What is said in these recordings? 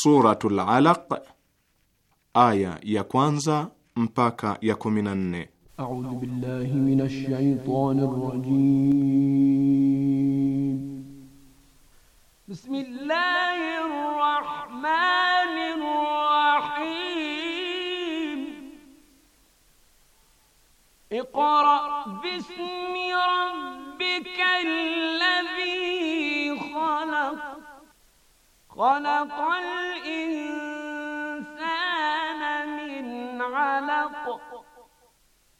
Suratul Alaq aya ya kwanza mpaka ya 14. A'udhu billahi minash shaitanir rajim. Bismillahir rahmanir rahim. Iqra bismi rabbikal ladhi خلق الإنسان من علق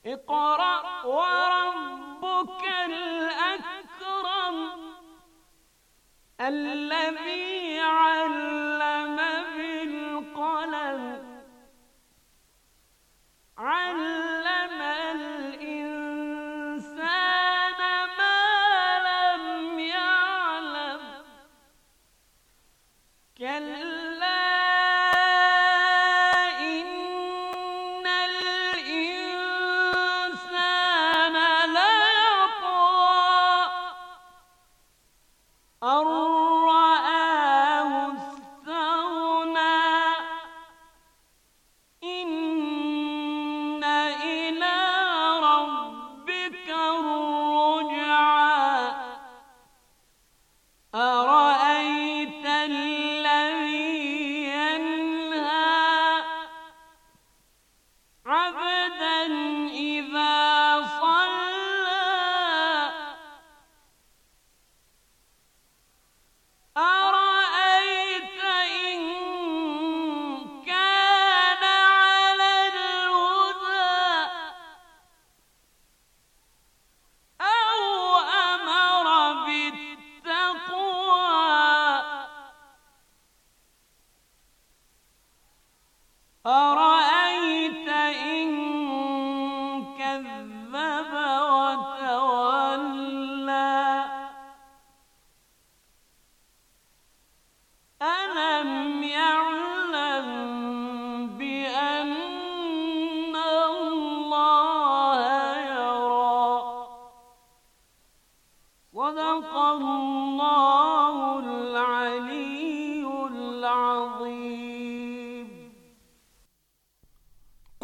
اقرأ وربك الأكرم الذي علم بالقلم علم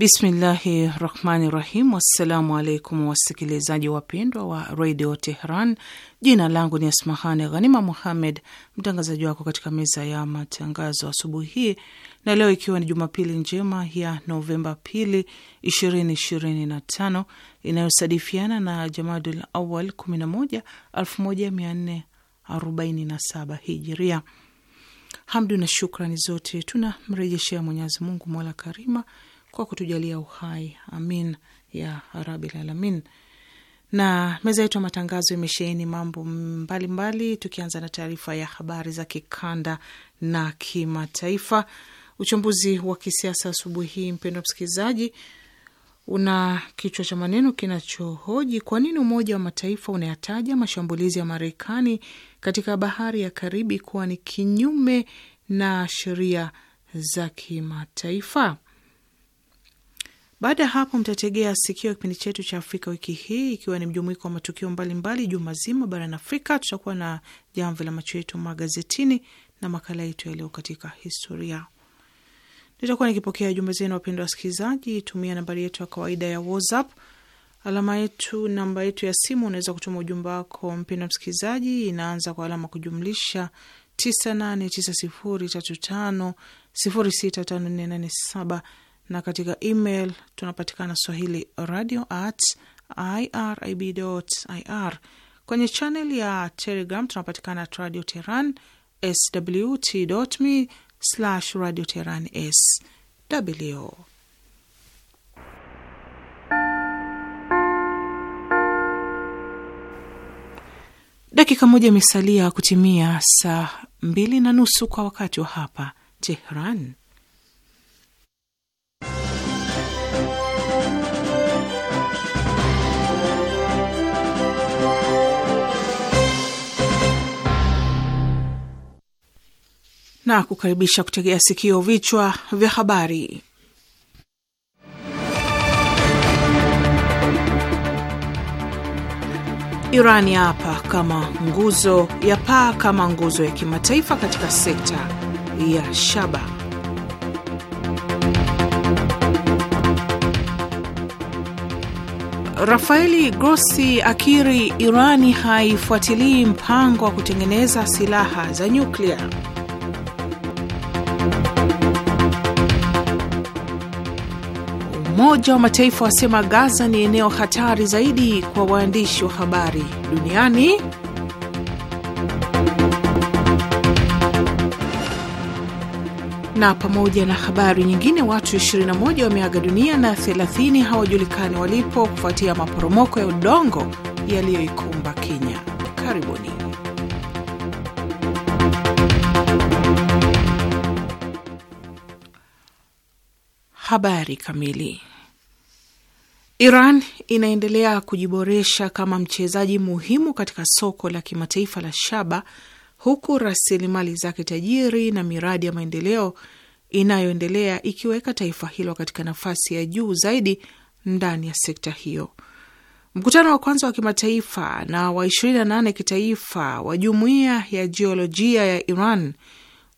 Bismillahi rahmani rahim. Wassalamu alaikum wasikilizaji wapendwa wa redio Tehran. Jina langu ni Asmahani Ghanima Muhammed, mtangazaji wako katika meza ya matangazo asubuhi hii, na leo ikiwa ni Jumapili njema ya Novemba pili ishirini ishirini na tano inayosadifiana na Jamadul Awal kumi na moja elfu moja mia nne arobaini na saba hijiria. Hamdu na shukrani zote tunamrejeshea Mwenyezi Mungu mola karima kwa kutujalia uhai, amin ya rabil alamin. Na meza yetu ya matangazo imesheheni mambo mbalimbali mbali, tukianza na taarifa ya habari za kikanda na kimataifa. Uchambuzi wa kisiasa asubuhi hii, mpendwa msikilizaji, una kichwa cha maneno kinachohoji kwa nini Umoja wa Mataifa unayataja mashambulizi ya Marekani katika bahari ya Karibi kuwa ni kinyume na sheria za kimataifa. Baada ya hapo, mtategea sikio kipindi chetu cha Afrika wiki hii, ikiwa ni mjumuiko wa matukio mbalimbali juma zima barani Afrika. Tutakuwa na jamvi la macho yetu magazetini na makala yetu yaliyo katika historia. Nitakuwa nikipokea jumbe zenu, wapendwa wasikilizaji. Tumia nambari yetu ya kawaida ya WhatsApp, alama yetu, namba yetu ya simu. Unaweza kutuma ujumbe wako, mpendwa msikilizaji, inaanza kwa alama kujumlisha 989035065487 na katika email tunapatikana swahili radio at irib ir. Kwenye chaneli ya Telegram tunapatikana at radio teheran swt me slash radio teheran sw. Dakika moja imesalia kutimia saa mbili na nusu kwa wakati wa hapa Tehran. na kukaribisha kutegea sikio vichwa vya habari. Iran hapa kama nguzo ya paa kama nguzo ya kimataifa katika sekta ya shaba. Rafaeli Grossi akiri Irani haifuatilii mpango wa kutengeneza silaha za nyuklia. Umoja wa Mataifa wasema Gaza ni eneo hatari zaidi kwa waandishi wa habari duniani. Na pamoja na habari nyingine, watu 21 wameaga dunia na 30 hawajulikani walipo kufuatia maporomoko ya udongo yaliyoikumba Kenya. Karibuni. Habari kamili. Iran inaendelea kujiboresha kama mchezaji muhimu katika soko la kimataifa la shaba, huku rasilimali zake tajiri na miradi ya maendeleo inayoendelea ikiweka taifa hilo katika nafasi ya juu zaidi ndani ya sekta hiyo. Mkutano wa kwanza wa kimataifa na wa 28 kitaifa wa jumuiya ya jiolojia ya Iran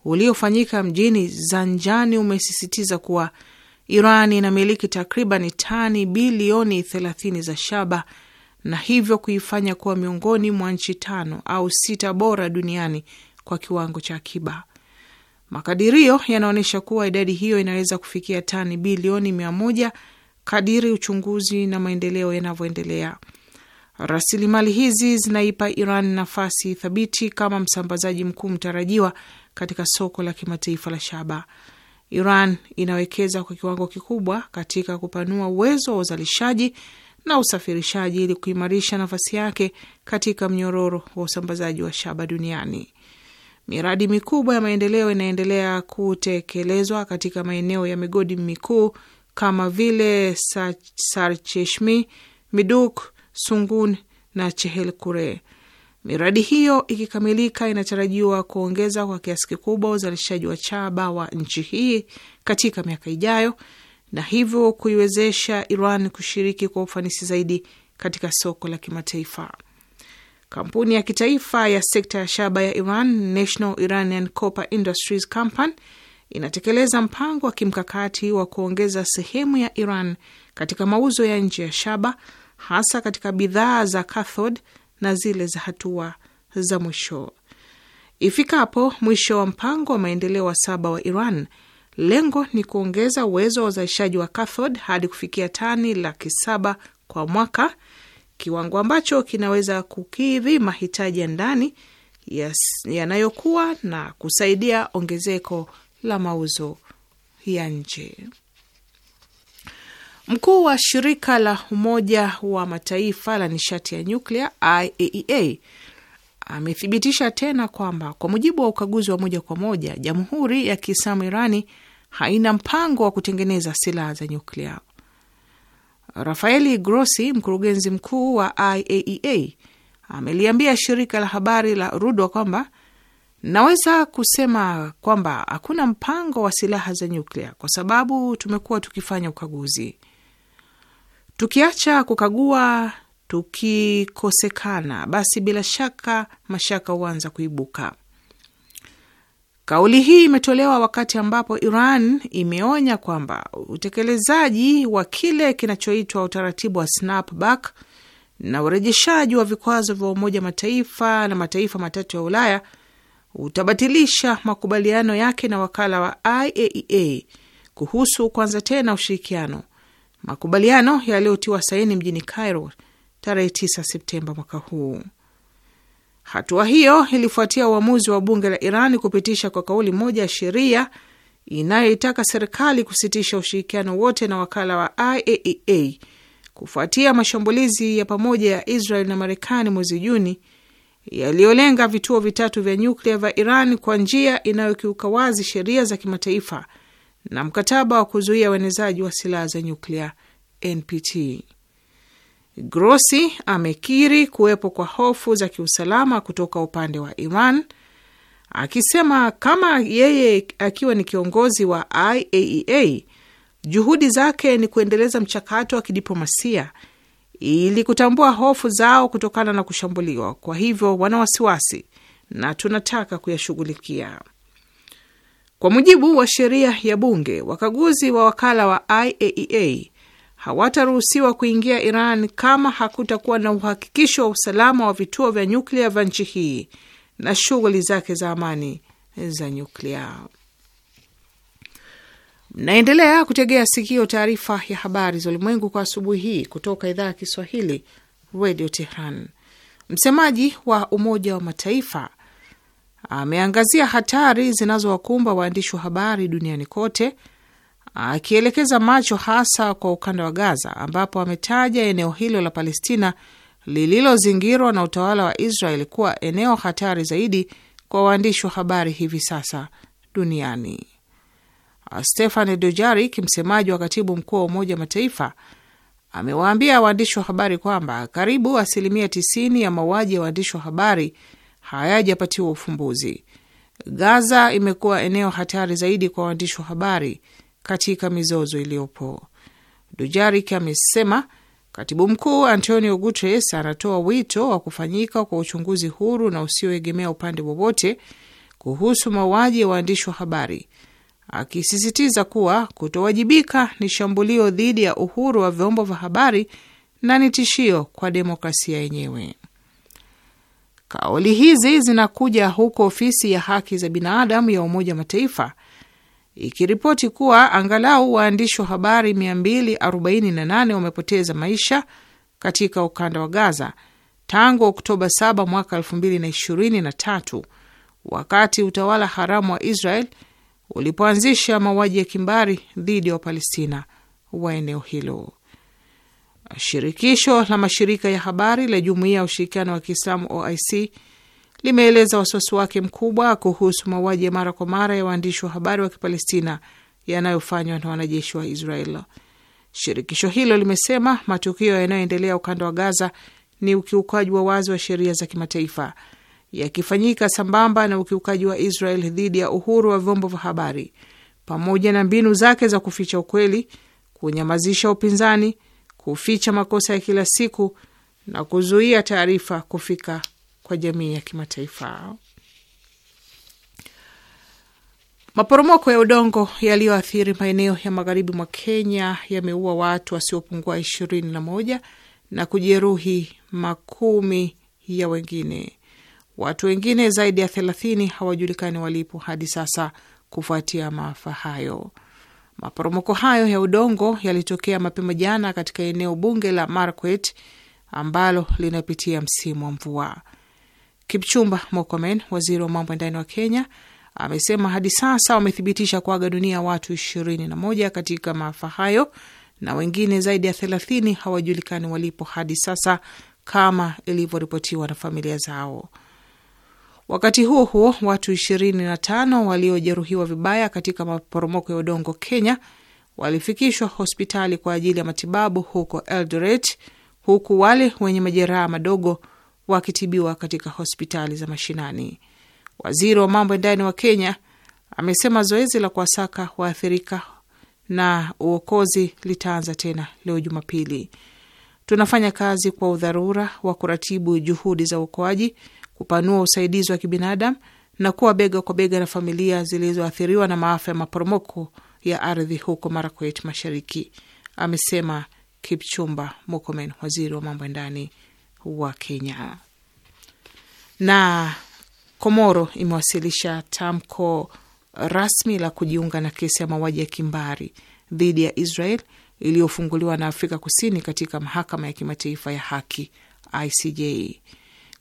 uliofanyika mjini Zanjani umesisitiza kuwa Iran inamiliki takriban tani bilioni 30 za shaba na hivyo kuifanya kuwa miongoni mwa nchi tano au sita bora duniani kwa kiwango cha akiba. Makadirio yanaonyesha kuwa idadi hiyo inaweza kufikia tani bilioni mia moja kadiri uchunguzi na maendeleo yanavyoendelea. Rasilimali hizi zinaipa Iran nafasi thabiti kama msambazaji mkuu mtarajiwa katika soko la kimataifa la shaba. Iran inawekeza kwa kiwango kikubwa katika kupanua uwezo wa uzalishaji na usafirishaji ili kuimarisha nafasi yake katika mnyororo wa usambazaji wa shaba duniani. Miradi mikubwa ya maendeleo inaendelea kutekelezwa katika maeneo ya migodi mikuu kama vile Sarcheshmi, Miduk, Sungun na Chehelkure. Miradi hiyo ikikamilika, inatarajiwa kuongeza kwa kiasi kikubwa uzalishaji wa chaba wa nchi hii katika miaka ijayo na hivyo kuiwezesha Iran kushiriki kwa ufanisi zaidi katika soko la kimataifa. Kampuni ya kitaifa ya sekta ya shaba ya Iran, National Iranian Copper Industries Company, inatekeleza mpango wa kimkakati wa kuongeza sehemu ya Iran katika mauzo ya nje ya shaba, hasa katika bidhaa za cathode na zile za hatua za mwisho. Ifikapo mwisho wa mpango wa maendeleo wa saba wa Iran, lengo ni kuongeza uwezo wa uzalishaji wa cathode hadi kufikia tani laki saba kwa mwaka, kiwango ambacho kinaweza kukidhi mahitaji ya ndani yanayokuwa na kusaidia ongezeko la mauzo ya nje. Mkuu wa shirika la Umoja wa Mataifa la nishati ya nyuklia IAEA e amethibitisha tena kwamba kwa mujibu wa ukaguzi wa moja kwa moja, Jamhuri ya Kiislamu Irani haina mpango wa kutengeneza silaha za nyuklia. Rafaeli Grossi, mkurugenzi mkuu wa IAEA, e ameliambia shirika la habari la Rudwa kwamba naweza kusema kwamba hakuna mpango wa silaha za nyuklia kwa sababu tumekuwa tukifanya ukaguzi. Tukiacha kukagua, tukikosekana, basi bila shaka mashaka huanza kuibuka. Kauli hii imetolewa wakati ambapo Iran imeonya kwamba utekelezaji wa kile kinachoitwa utaratibu wa snapback na urejeshaji wa vikwazo vya Umoja Mataifa na mataifa matatu ya Ulaya utabatilisha makubaliano yake na wakala wa IAEA e kuhusu kuanza tena ushirikiano makubaliano yaliyotiwa saini mjini Cairo tarehe 9 Septemba mwaka huu. Hatua hiyo ilifuatia uamuzi wa bunge la Iran kupitisha kwa kauli moja ya sheria inayoitaka serikali kusitisha ushirikiano wote na wakala wa IAEA e kufuatia mashambulizi ya pamoja ya Israel na Marekani mwezi Juni yaliyolenga vituo vitatu vya nyuklia vya Iran kwa njia inayokiuka wazi sheria za kimataifa na mkataba wa kuzuia uenezaji wa silaha za nyuklia NPT. Grossi amekiri kuwepo kwa hofu za kiusalama kutoka upande wa Iran, akisema kama yeye akiwa ni kiongozi wa IAEA e juhudi zake ni kuendeleza mchakato wa kidiplomasia ili kutambua hofu zao kutokana na kushambuliwa. Kwa hivyo wana wasiwasi na tunataka kuyashughulikia. Kwa mujibu wa sheria ya bunge, wakaguzi wa wakala wa IAEA e hawataruhusiwa kuingia Iran kama hakutakuwa na uhakikisho wa usalama wa vituo vya nyuklia vya nchi hii na shughuli zake za amani za nyuklia. Mnaendelea kutegea sikio taarifa ya habari za ulimwengu kwa asubuhi hii kutoka idhaa ya Kiswahili, Radio Tehran. Msemaji wa Umoja wa Mataifa ameangazia hatari zinazowakumba waandishi wa habari duniani kote, akielekeza macho hasa kwa ukanda wa Gaza, ambapo ametaja eneo hilo la Palestina lililozingirwa na utawala wa Israeli kuwa eneo hatari zaidi kwa waandishi wa habari hivi sasa duniani. Stephane Dujarric, msemaji wa katibu mkuu wa Umoja Mataifa, amewaambia waandishi wa habari kwamba karibu asilimia 90 ya mauaji ya waandishi wa habari hayajapatiwa ufumbuzi. Gaza imekuwa eneo hatari zaidi kwa waandishi wa habari katika mizozo iliyopo. Dujarik amesema katibu mkuu Antonio Guterres anatoa wito wa kufanyika kwa uchunguzi huru na usioegemea upande wowote kuhusu mauaji ya waandishi wa habari, akisisitiza kuwa kutowajibika ni shambulio dhidi ya uhuru wa vyombo vya habari na ni tishio kwa demokrasia yenyewe. Kauli hizi zinakuja huku ofisi ya haki za binadamu ya Umoja wa Mataifa ikiripoti kuwa angalau waandishi wa habari 248 wamepoteza maisha katika ukanda wa Gaza tangu Oktoba 7 mwaka 2023 wakati utawala haramu wa Israel ulipoanzisha mauaji ya kimbari dhidi ya Wapalestina wa eneo hilo. Shirikisho la mashirika ya habari la Jumuiya ya Ushirikiano wa Kiislamu OIC limeeleza wasiwasi wake mkubwa kuhusu mauaji ya mara kwa mara ya waandishi wa habari wa Kipalestina yanayofanywa na wanajeshi wa Israel. Shirikisho hilo limesema matukio yanayoendelea ukanda wa Gaza ni ukiukaji wa wazi wa sheria za kimataifa yakifanyika sambamba na ukiukaji wa Israel dhidi ya uhuru wa vyombo vya habari pamoja na mbinu zake za kuficha ukweli, kunyamazisha upinzani kuficha makosa ya kila siku na kuzuia taarifa kufika kwa jamii ya kimataifa. Maporomoko ya udongo yaliyoathiri maeneo ya magharibi mwa Kenya yameua watu wasiopungua ishirini na moja na kujeruhi makumi ya wengine. Watu wengine zaidi ya thelathini hawajulikani walipo hadi sasa kufuatia maafa hayo. Maporomoko hayo ya udongo yalitokea mapema jana katika eneo bunge la Marquet ambalo linapitia msimu wa mvua. Kipchumba Mokomen, waziri wa mambo ya ndani wa Kenya, amesema hadi sasa wamethibitisha kuaga dunia watu ishirini na moja katika maafa hayo na wengine zaidi ya thelathini hawajulikani walipo hadi sasa kama ilivyoripotiwa na familia zao. Wakati huo huo, watu 25 waliojeruhiwa vibaya katika maporomoko ya udongo Kenya walifikishwa hospitali kwa ajili ya matibabu huko Eldoret, huku wale wenye majeraha madogo wakitibiwa katika hospitali za mashinani. Waziri wa mambo ya ndani wa Kenya amesema zoezi la kuwasaka waathirika na uokozi litaanza tena leo Jumapili. Tunafanya kazi kwa udharura wa kuratibu juhudi za uokoaji kupanua usaidizi wa kibinadamu na kuwa bega kwa bega na familia zilizoathiriwa na maafa ya maporomoko ya ardhi huko Marakwet Mashariki, amesema Kipchumba Murkomen, waziri wa mambo ya ndani wa Kenya. Na Komoro imewasilisha tamko rasmi la kujiunga na kesi ya mauaji ya kimbari dhidi ya Israel iliyofunguliwa na Afrika Kusini katika mahakama ya kimataifa ya haki ICJ.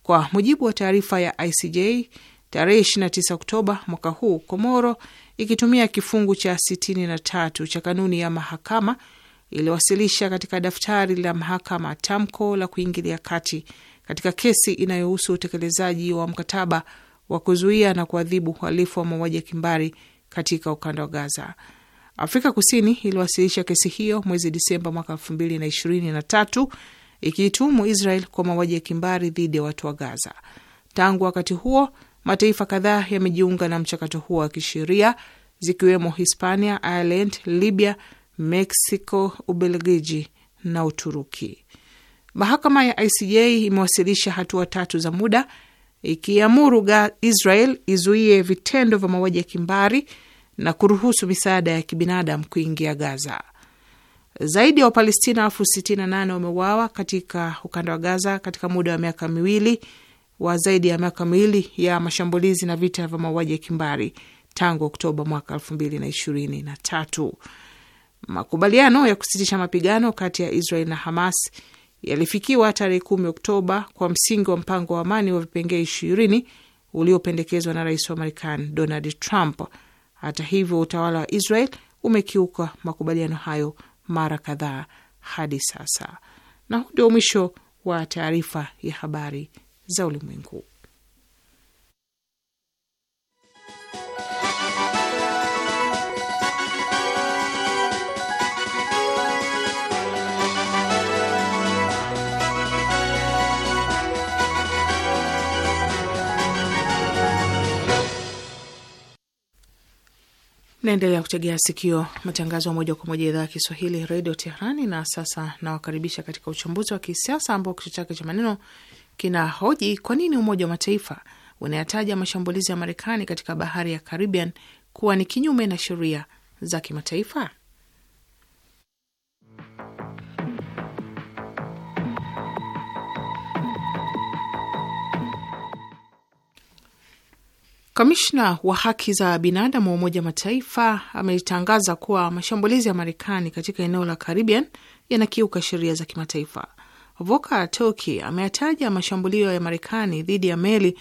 Kwa mujibu wa taarifa ya ICJ tarehe 29 Oktoba mwaka huu, Komoro ikitumia kifungu cha 63 cha kanuni ya mahakama iliwasilisha katika daftari la mahakama tamko la kuingilia kati katika kesi inayohusu utekelezaji wa mkataba wa kuzuia na kuadhibu uhalifu wa mauaji ya kimbari katika ukanda wa Gaza. Afrika Kusini iliwasilisha kesi hiyo mwezi Disemba mwaka elfu mbili na ishirini na tatu ikiituhumu Israel kwa mauaji ya kimbari dhidi ya watu wa Gaza. Tangu wakati huo mataifa kadhaa yamejiunga na mchakato huo wa kisheria zikiwemo Hispania, Ireland, Libya, Mexico, Ubelgiji na Uturuki. Mahakama ya ICJ imewasilisha hatua tatu za muda ikiamuru Israel izuie vitendo vya mauaji ya kimbari na kuruhusu misaada ya kibinadamu kuingia Gaza. Zaidi ya Wapalestina elfu sitini na nane wameuawa katika ukanda wa Gaza katika muda wa miaka miwili wa zaidi ya miaka miwili ya mashambulizi na vita vya mauaji ya kimbari tangu Oktoba mwaka elfu mbili na ishirini na tatu. Makubaliano ya kusitisha mapigano kati ya Israel na Hamas yalifikiwa tarehe kumi Oktoba kwa msingi wa mpango wa amani wa vipengee ishirini uliopendekezwa na rais wa Marekani Donald Trump. Hata hivyo, utawala wa Israel umekiuka makubaliano hayo mara kadhaa hadi sasa. Na huu ndio mwisho wa taarifa ya habari za ulimwengu. naendelea kutegea sikio matangazo ya moja kwa moja idhaa ya Kiswahili redio Teherani. Na sasa nawakaribisha katika uchambuzi wa kisiasa ambao kichwa chake cha maneno kina hoji kwa nini Umoja wa Mataifa unayataja mashambulizi ya Marekani katika bahari ya Caribbean kuwa ni kinyume na sheria za kimataifa. Kamishna wa haki za binadamu wa Umoja Mataifa ametangaza kuwa mashambulizi ya Marekani katika eneo la Caribbean yanakiuka sheria za kimataifa. Voka Toki ameyataja mashambulio ya Marekani dhidi ya meli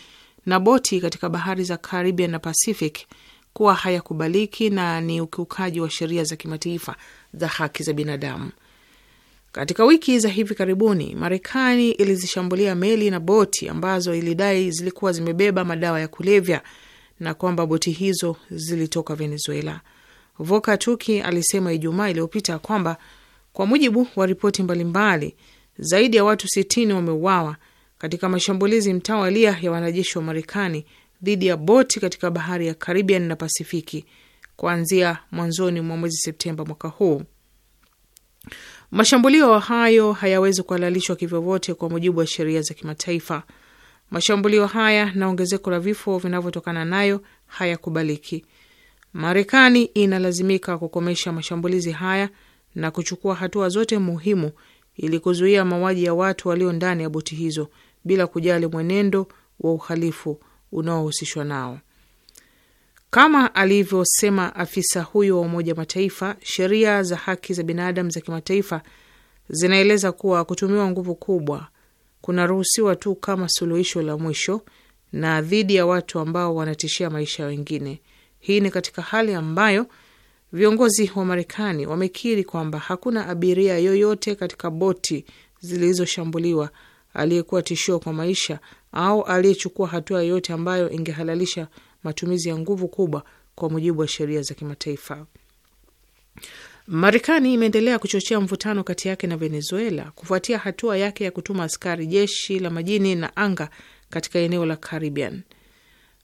na boti katika bahari za Caribbean na Pacific kuwa hayakubaliki na ni ukiukaji wa sheria za kimataifa za haki za binadamu. Katika wiki za hivi karibuni, Marekani ilizishambulia meli na boti ambazo ilidai zilikuwa zimebeba madawa ya kulevya na kwamba boti hizo zilitoka Venezuela. Voka Tuki alisema Ijumaa iliyopita kwamba kwa mujibu wa ripoti mbalimbali, zaidi ya watu sitini wameuawa katika mashambulizi mtawalia ya wanajeshi wa Marekani dhidi ya boti katika bahari ya Caribbean na Pasifiki kuanzia mwanzoni mwa mwezi Septemba mwaka huu. Mashambulio hayo hayawezi kuhalalishwa kivyovyote kwa mujibu wa sheria za kimataifa. Mashambulio haya na ongezeko la vifo vinavyotokana nayo hayakubaliki. Marekani inalazimika kukomesha mashambulizi haya na kuchukua hatua zote muhimu ili kuzuia mauaji ya watu walio ndani ya boti hizo bila kujali mwenendo wa uhalifu unaohusishwa nao. Kama alivyosema afisa huyo wa Umoja Mataifa, sheria za haki za binadamu za kimataifa zinaeleza kuwa kutumiwa nguvu kubwa kunaruhusiwa tu kama suluhisho la mwisho na dhidi ya watu ambao wanatishia maisha wengine. Hii ni katika hali ambayo viongozi wa Marekani wamekiri kwamba hakuna abiria yoyote katika boti zilizoshambuliwa aliyekuwa tishio kwa maisha au aliyechukua hatua yoyote ambayo ingehalalisha matumizi ya nguvu kubwa kwa mujibu wa sheria za kimataifa. Marekani imeendelea kuchochea mvutano kati yake na Venezuela kufuatia hatua yake ya kutuma askari jeshi la majini na anga katika eneo la Caribbean.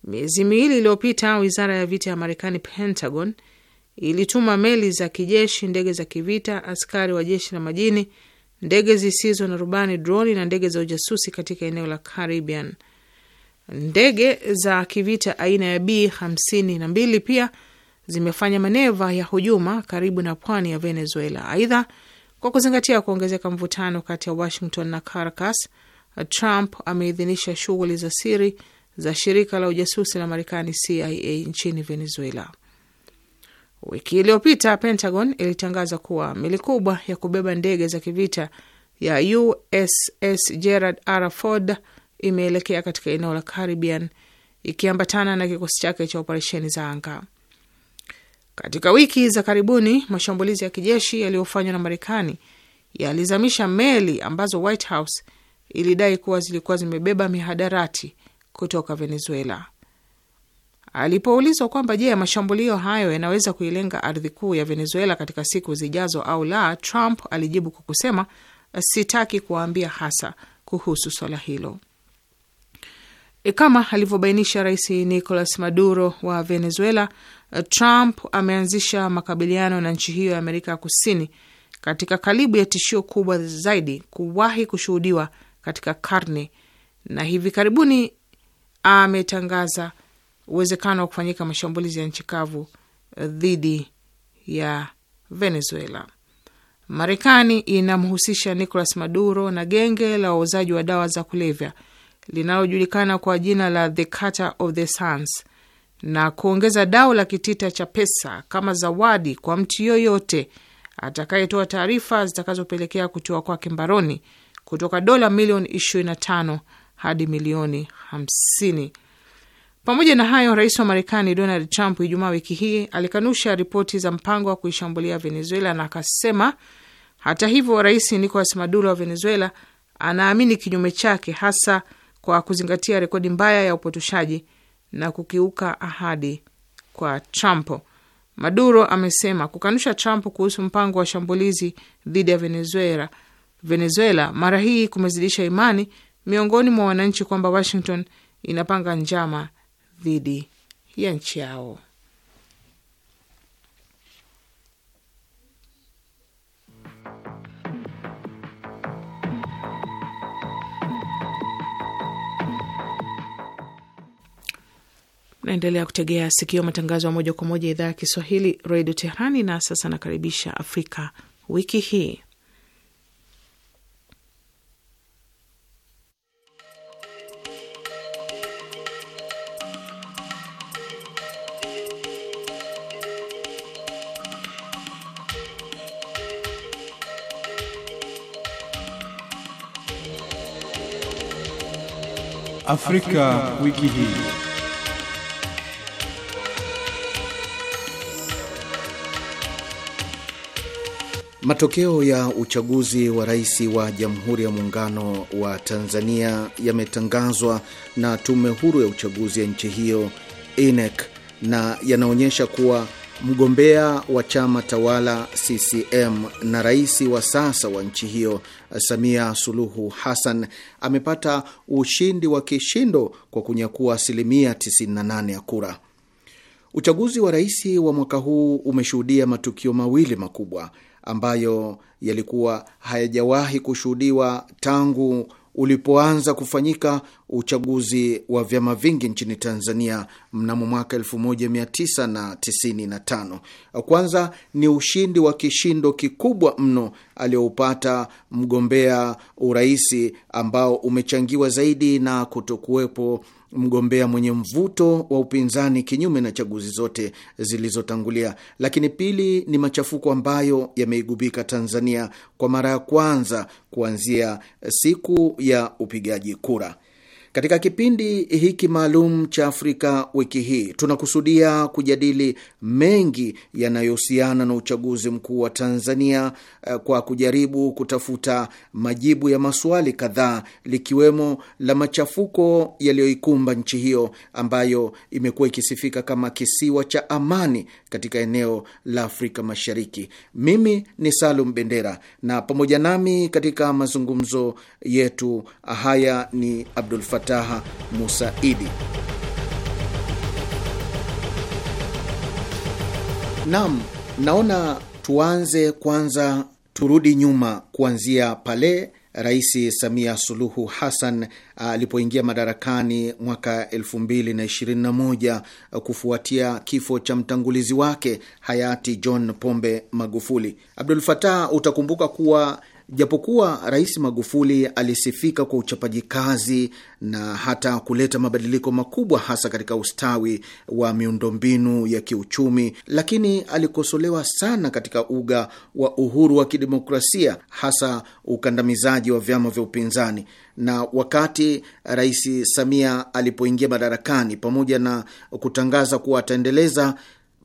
Miezi miwili iliyopita, wizara ya vita ya Marekani, Pentagon, ilituma meli za kijeshi, ndege za kivita, askari wa jeshi la majini, ndege zisizo na rubani, droni na ndege za ujasusi katika eneo la Caribbean. Ndege za kivita aina ya B52 pia zimefanya maneva ya hujuma karibu na pwani ya Venezuela. Aidha, kwa kuzingatia kuongezeka mvutano kati ya Washington na Caracas, Trump ameidhinisha shughuli za siri za shirika la ujasusi la Marekani CIA nchini Venezuela. Wiki iliyopita Pentagon ilitangaza kuwa meli kubwa ya kubeba ndege za kivita ya USS Gerald R. Ford imeelekea katika eneo la Caribbean ikiambatana na kikosi chake cha operesheni za anga. Katika wiki za karibuni mashambulizi ya kijeshi yaliyofanywa na Marekani yalizamisha meli ambazo White House ilidai kuwa zilikuwa zimebeba mihadarati kutoka Venezuela. Alipoulizwa kwamba je, mashambulio hayo yanaweza kuilenga ardhi kuu ya Venezuela katika siku zijazo au la, Trump alijibu kwa kusema sitaki kuwaambia hasa kuhusu swala hilo. E, kama alivyobainisha Rais Nicolas Maduro wa Venezuela, Eh, Trump ameanzisha makabiliano na nchi hiyo ya Amerika ya Kusini katika kalibu ya tishio kubwa zaidi kuwahi kushuhudiwa katika karne, na hivi karibuni ametangaza uwezekano wa kufanyika mashambulizi ya nchi kavu eh, dhidi ya Venezuela. Marekani inamhusisha Nicolas Maduro na genge la wauzaji wa dawa za kulevya linalojulikana kwa jina la The Cartel of the Suns na kuongeza dau la kitita cha pesa kama zawadi kwa mtu yoyote atakayetoa taarifa zitakazopelekea kutiwa kwake mbaroni kutoka dola milioni 25 hadi milioni 50. Pamoja na hayo, rais wa Marekani Donald Trump Ijumaa wiki hii alikanusha ripoti za mpango wa kuishambulia Venezuela na akasema, hata hivyo, rais Nicolas Maduro wa Venezuela anaamini kinyume chake, hasa kwa kuzingatia rekodi mbaya ya upotoshaji na kukiuka ahadi kwa Trump. Maduro amesema kukanusha Trump kuhusu mpango wa shambulizi dhidi ya Venezuela, Venezuela mara hii kumezidisha imani miongoni mwa wananchi kwamba Washington inapanga njama dhidi ya nchi yao. Naendelea kutegea sikio matangazo ya moja kwa moja idhaa ya Kiswahili redio Tehrani. Na sasa nakaribisha Afrika wiki hii Afrika, Afrika wiki hii. Matokeo ya uchaguzi wa rais wa Jamhuri ya Muungano wa Tanzania yametangazwa na Tume Huru ya Uchaguzi ya nchi hiyo INEC, na yanaonyesha kuwa mgombea wa chama tawala CCM na rais wa sasa wa nchi hiyo Samia Suluhu Hassan amepata ushindi wa kishindo kwa kunyakua asilimia 98 ya kura. Uchaguzi wa rais wa mwaka huu umeshuhudia matukio mawili makubwa ambayo yalikuwa hayajawahi kushuhudiwa tangu ulipoanza kufanyika uchaguzi wa vyama vingi nchini Tanzania mnamo mwaka 1995. Kwanza ni ushindi wa kishindo kikubwa mno aliyoupata mgombea uraisi ambao umechangiwa zaidi na kutokuwepo mgombea mwenye mvuto wa upinzani, kinyume na chaguzi zote zilizotangulia. Lakini pili ni machafuko ambayo yameigubika Tanzania kwa mara ya kwanza kuanzia siku ya upigaji kura. Katika kipindi hiki maalum cha Afrika wiki hii tunakusudia kujadili mengi yanayohusiana na uchaguzi mkuu wa Tanzania eh, kwa kujaribu kutafuta majibu ya maswali kadhaa, likiwemo la machafuko yaliyoikumba nchi hiyo ambayo imekuwa ikisifika kama kisiwa cha amani katika eneo la Afrika Mashariki. Mimi ni Salum Bendera na pamoja nami katika mazungumzo yetu haya ni Abdul Fattah Abdulfatah Musaidi. Naam, naona tuanze kwanza, turudi nyuma kuanzia pale Rais Samia Suluhu Hassan ah, alipoingia madarakani mwaka 2021 ah, kufuatia kifo cha mtangulizi wake hayati John Pombe Magufuli. Abdul Fatah, utakumbuka kuwa Japokuwa Rais Magufuli alisifika kwa uchapaji kazi na hata kuleta mabadiliko makubwa hasa katika ustawi wa miundombinu ya kiuchumi, lakini alikosolewa sana katika uga wa uhuru wa kidemokrasia, hasa ukandamizaji wa vyama vya upinzani. Na wakati Rais Samia alipoingia madarakani, pamoja na kutangaza kuwa ataendeleza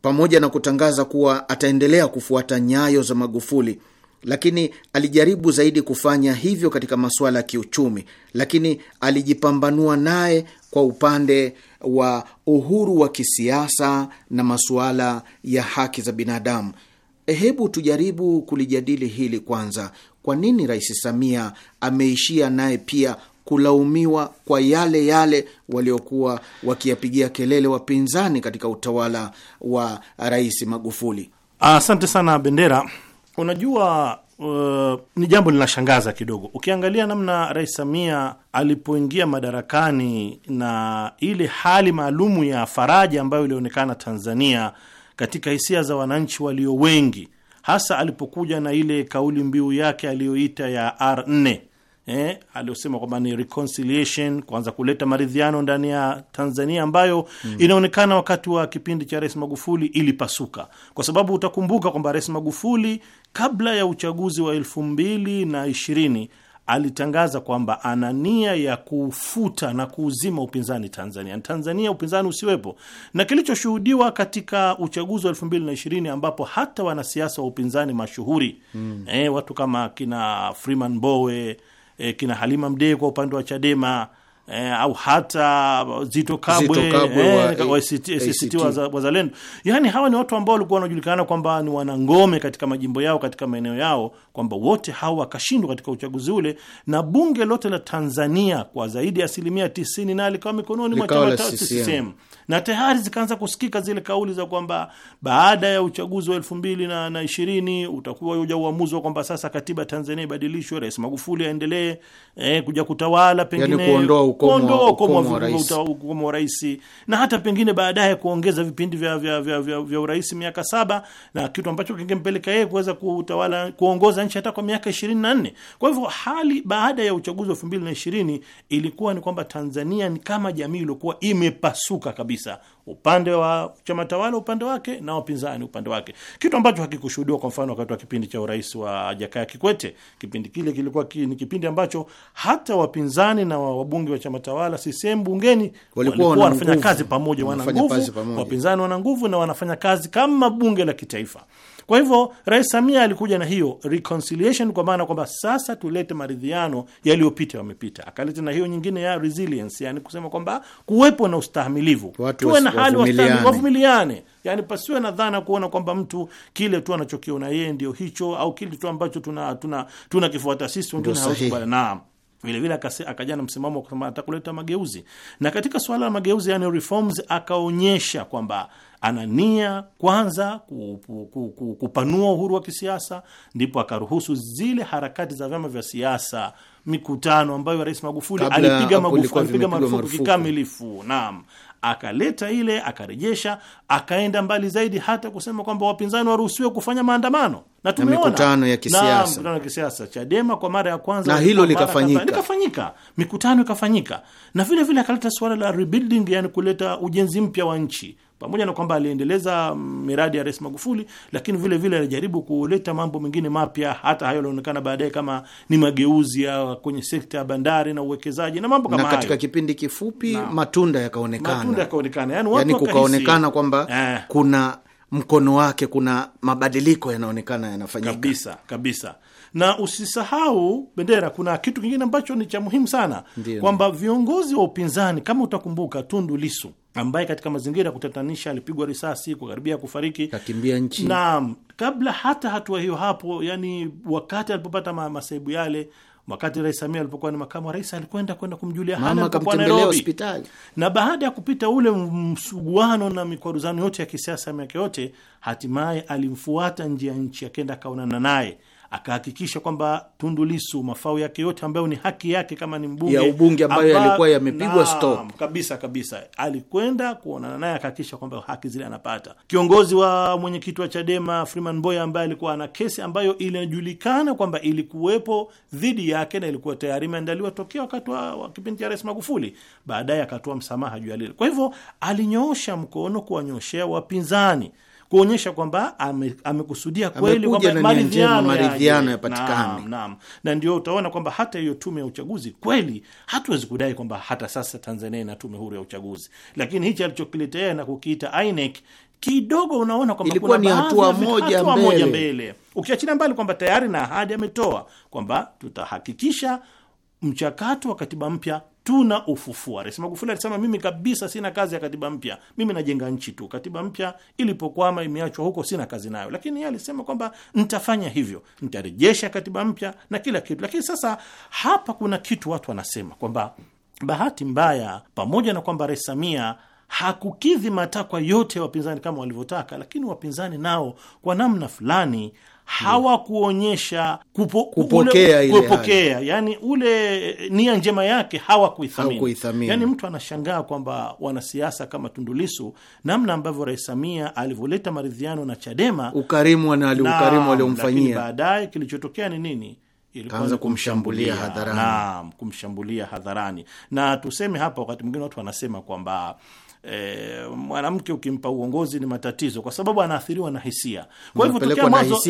pamoja na kutangaza kuwa ataendelea kufuata nyayo za Magufuli lakini alijaribu zaidi kufanya hivyo katika masuala ya kiuchumi, lakini alijipambanua naye kwa upande wa uhuru wa kisiasa na masuala ya haki za binadamu. Eh, hebu tujaribu kulijadili hili kwanza. Kwa nini Rais Samia ameishia naye pia kulaumiwa kwa yale yale waliokuwa wakiyapigia kelele wapinzani katika utawala wa Rais Magufuli? Asante sana Bendera. Unajua uh, ni jambo linashangaza kidogo ukiangalia namna Rais Samia alipoingia madarakani na ile hali maalumu ya faraja ambayo ilionekana Tanzania katika hisia za wananchi walio wengi, hasa alipokuja na ile kauli mbiu yake aliyoita ya R4 eh, aliosema kwamba ni reconciliation, kuanza kuleta maridhiano ndani ya Tanzania ambayo mm, inaonekana wakati wa kipindi cha Rais Magufuli ilipasuka, kwa sababu utakumbuka kwamba Rais Magufuli kabla ya uchaguzi wa elfu mbili na ishirini alitangaza kwamba ana nia ya kufuta na kuuzima upinzani Tanzania, Tanzania upinzani usiwepo, na kilichoshuhudiwa katika uchaguzi wa elfu mbili na ishirini ambapo hata wanasiasa wa upinzani mashuhuri mm. eh, watu kama kina Freeman Mbowe e, kina Halima Mdee kwa upande wa Chadema e, au hata Zito Kabwe, e, e, ACT, Wazalendo. yani hawa ni watu ambao walikuwa wanajulikana kwamba ni wanangome katika majimbo yao, katika maeneo yao, kwamba wote hawa wakashindwa katika uchaguzi ule, na bunge lote la Tanzania kwa zaidi ya asilimia tisini na likawa mikononi mwa chama cha CCM na tayari zikaanza kusikika zile kauli za kwamba baada ya uchaguzi wa elfu mbili na, na ishirini utakuwa uja uamuzi wa kwamba sasa katiba Tanzania ibadilishwe, Rais Magufuli aendelee eh, kuja kutawala, pengine kuondoa ukomo wa rais na hata pengine baadaye kuongeza vipindi vya, vya, vya, vya, vya urais miaka saba na kitu ambacho kingempeleka yeye kuweza kutawala kuongoza nchi hata kwa miaka ishirini na nne. Kwa hivyo hali baada ya uchaguzi wa elfu mbili na ishirini ilikuwa ni kwamba Tanzania ni kama jamii iliokuwa imepasuka kabisa kabisa, upande wa chama tawala upande wake na wapinzani upande wake, kitu ambacho hakikushuhudiwa kwa mfano wakati wa kipindi cha urais wa Jakaya Kikwete. Kipindi kile kilikuwa ki, ni kipindi ambacho hata wapinzani na wabunge wa chama tawala CCM bungeni walikuwa wanafanya kazi pamoja, wana nguvu, wapinzani wana nguvu na wanafanya kazi kama bunge la kitaifa. Kwa hivyo Rais Samia alikuja na hiyo reconciliation, kwa maana kwamba sasa tulete maridhiano, yaliyopita yamepita. Akaleta na hiyo nyingine ya resilience, yani kusema kwamba kuwepo na ustahimilivu, tuwe na hali wavumiliane, yani pasiwe na dhana kuona kwamba mtu kile tu anachokiona yeye ndio hicho au kile tu ambacho tuna, tuna, tuna kifuata sisi wengine. Naam. Vilevile akaja na msimamo wa kusema atakuleta mageuzi, na katika suala la mageuzi, yani reforms, akaonyesha kwamba ana nia kwanza kupanua uhuru wa kisiasa, ndipo akaruhusu zile harakati za vyama vya siasa, mikutano ambayo Rais Magufuli alipiga marufuku kikamilifu. Naam, akaleta ile, akarejesha, akaenda mbali zaidi hata kusema kwamba wapinzani waruhusiwe kufanya maandamano na tumeona mikutano ya kisiasa, mikutano ya kisiasa Chadema kwa mara ya kwanza, na hilo likafanyika, likafanyika mikutano ikafanyika, na vile vile akaleta suala la rebuilding, yani kuleta ujenzi mpya wa nchi pamoja na kwamba aliendeleza mm, miradi ya Rais Magufuli, lakini vile vile alijaribu kuleta mambo mengine mapya, hata hayo yalionekana baadaye kama ni mageuzi ya kwenye sekta ya bandari na uwekezaji na mambo kama hayo. Katika kipindi kifupi na matunda yakaonekana, matunda yakaonekana, yani, yani kukaonekana kwamba eh, kuna mkono wake, kuna mabadiliko yanaonekana yanafanyika kabisa kabisa na usisahau bendera. Kuna kitu kingine ambacho ni cha muhimu sana kwamba viongozi wa upinzani, kama utakumbuka, Tundu Lisu ambaye katika mazingira ya kutatanisha alipigwa risasi kukaribia kufariki, kakimbia nchi. Naam, kabla hata hatua hiyo hapo, yani wakati alipopata masaibu yale wakati Rais Samia alipokuwa ni makamu wa rais alikwenda kwenda kumjulia hali alipokuwa Nairobi hospitali, na baada ya kupita ule msuguano na mikwaruzano yote ya kisiasa ya miaka yote, hatimaye alimfuata nje ya nchi, akenda akaonana naye akahakikisha kwamba Tundu Lissu mafao yake yote ambayo ni haki yake kama ni mbunge ya ubunge ambayo yalikuwa yamepigwa stop kabisa kabisa, alikwenda kuonana naye akahakikisha kwamba haki zile anapata. Kiongozi wa mwenyekiti wa Chadema Freeman Mbowe ambaye alikuwa ana kesi ambayo inajulikana kwamba ilikuwepo dhidi yake na ilikuwa tayari imeandaliwa tokea wakati wa kipindi cha Rais Magufuli, baadaye akatoa msamaha juu ya lile. Kwa hivyo alinyoosha mkono kuwanyoshea wapinzani kuonyesha kwamba amekusudia kweli maridhiano yapatikane. Naam, na ndio utaona kwamba hata hiyo tume ya uchaguzi kweli, hatuwezi kudai kwamba hata sasa Tanzania ina tume huru ya uchaguzi, lakini hichi alichokiletea na kukiita INEC kidogo unaona kwamba ilikuwa ni hatua moja mbele, mbele. Ukiachilia mbali kwamba tayari na ahadi ametoa kwamba tutahakikisha mchakato wa katiba mpya tuna ufufua. Rais Magufuli alisema mimi kabisa sina kazi ya katiba mpya, mimi najenga nchi tu. Katiba mpya ilipokwama, imeachwa huko, sina kazi nayo, lakini yeye alisema kwamba nitafanya hivyo, nitarejesha katiba mpya na kila kitu. Lakini sasa hapa kuna kitu watu wanasema kwamba bahati mbaya, pamoja na kwamba Rais Samia hakukidhi matakwa yote ya wapinzani kama walivyotaka, lakini wapinzani nao kwa namna fulani hawakuonyesha kupo, kupokea, ule, kupokea yani ule eh, nia njema yake hawakuithamini. Yani mtu anashangaa kwamba wanasiasa kama Tundulisu, namna ambavyo Rais Samia alivyoleta maridhiano na Chadema, ukarimu aliomfanyia, baadaye kilichotokea ni nini? Kumshambulia, kumshambulia hadharani. Naam, kumshambulia hadharani. Na tuseme hapa, wakati mwingine watu wanasema kwamba e, mwanamke ukimpa uongozi ni matatizo, kwa sababu anaathiriwa na hisia. Kwa hivyo tokea mwanzo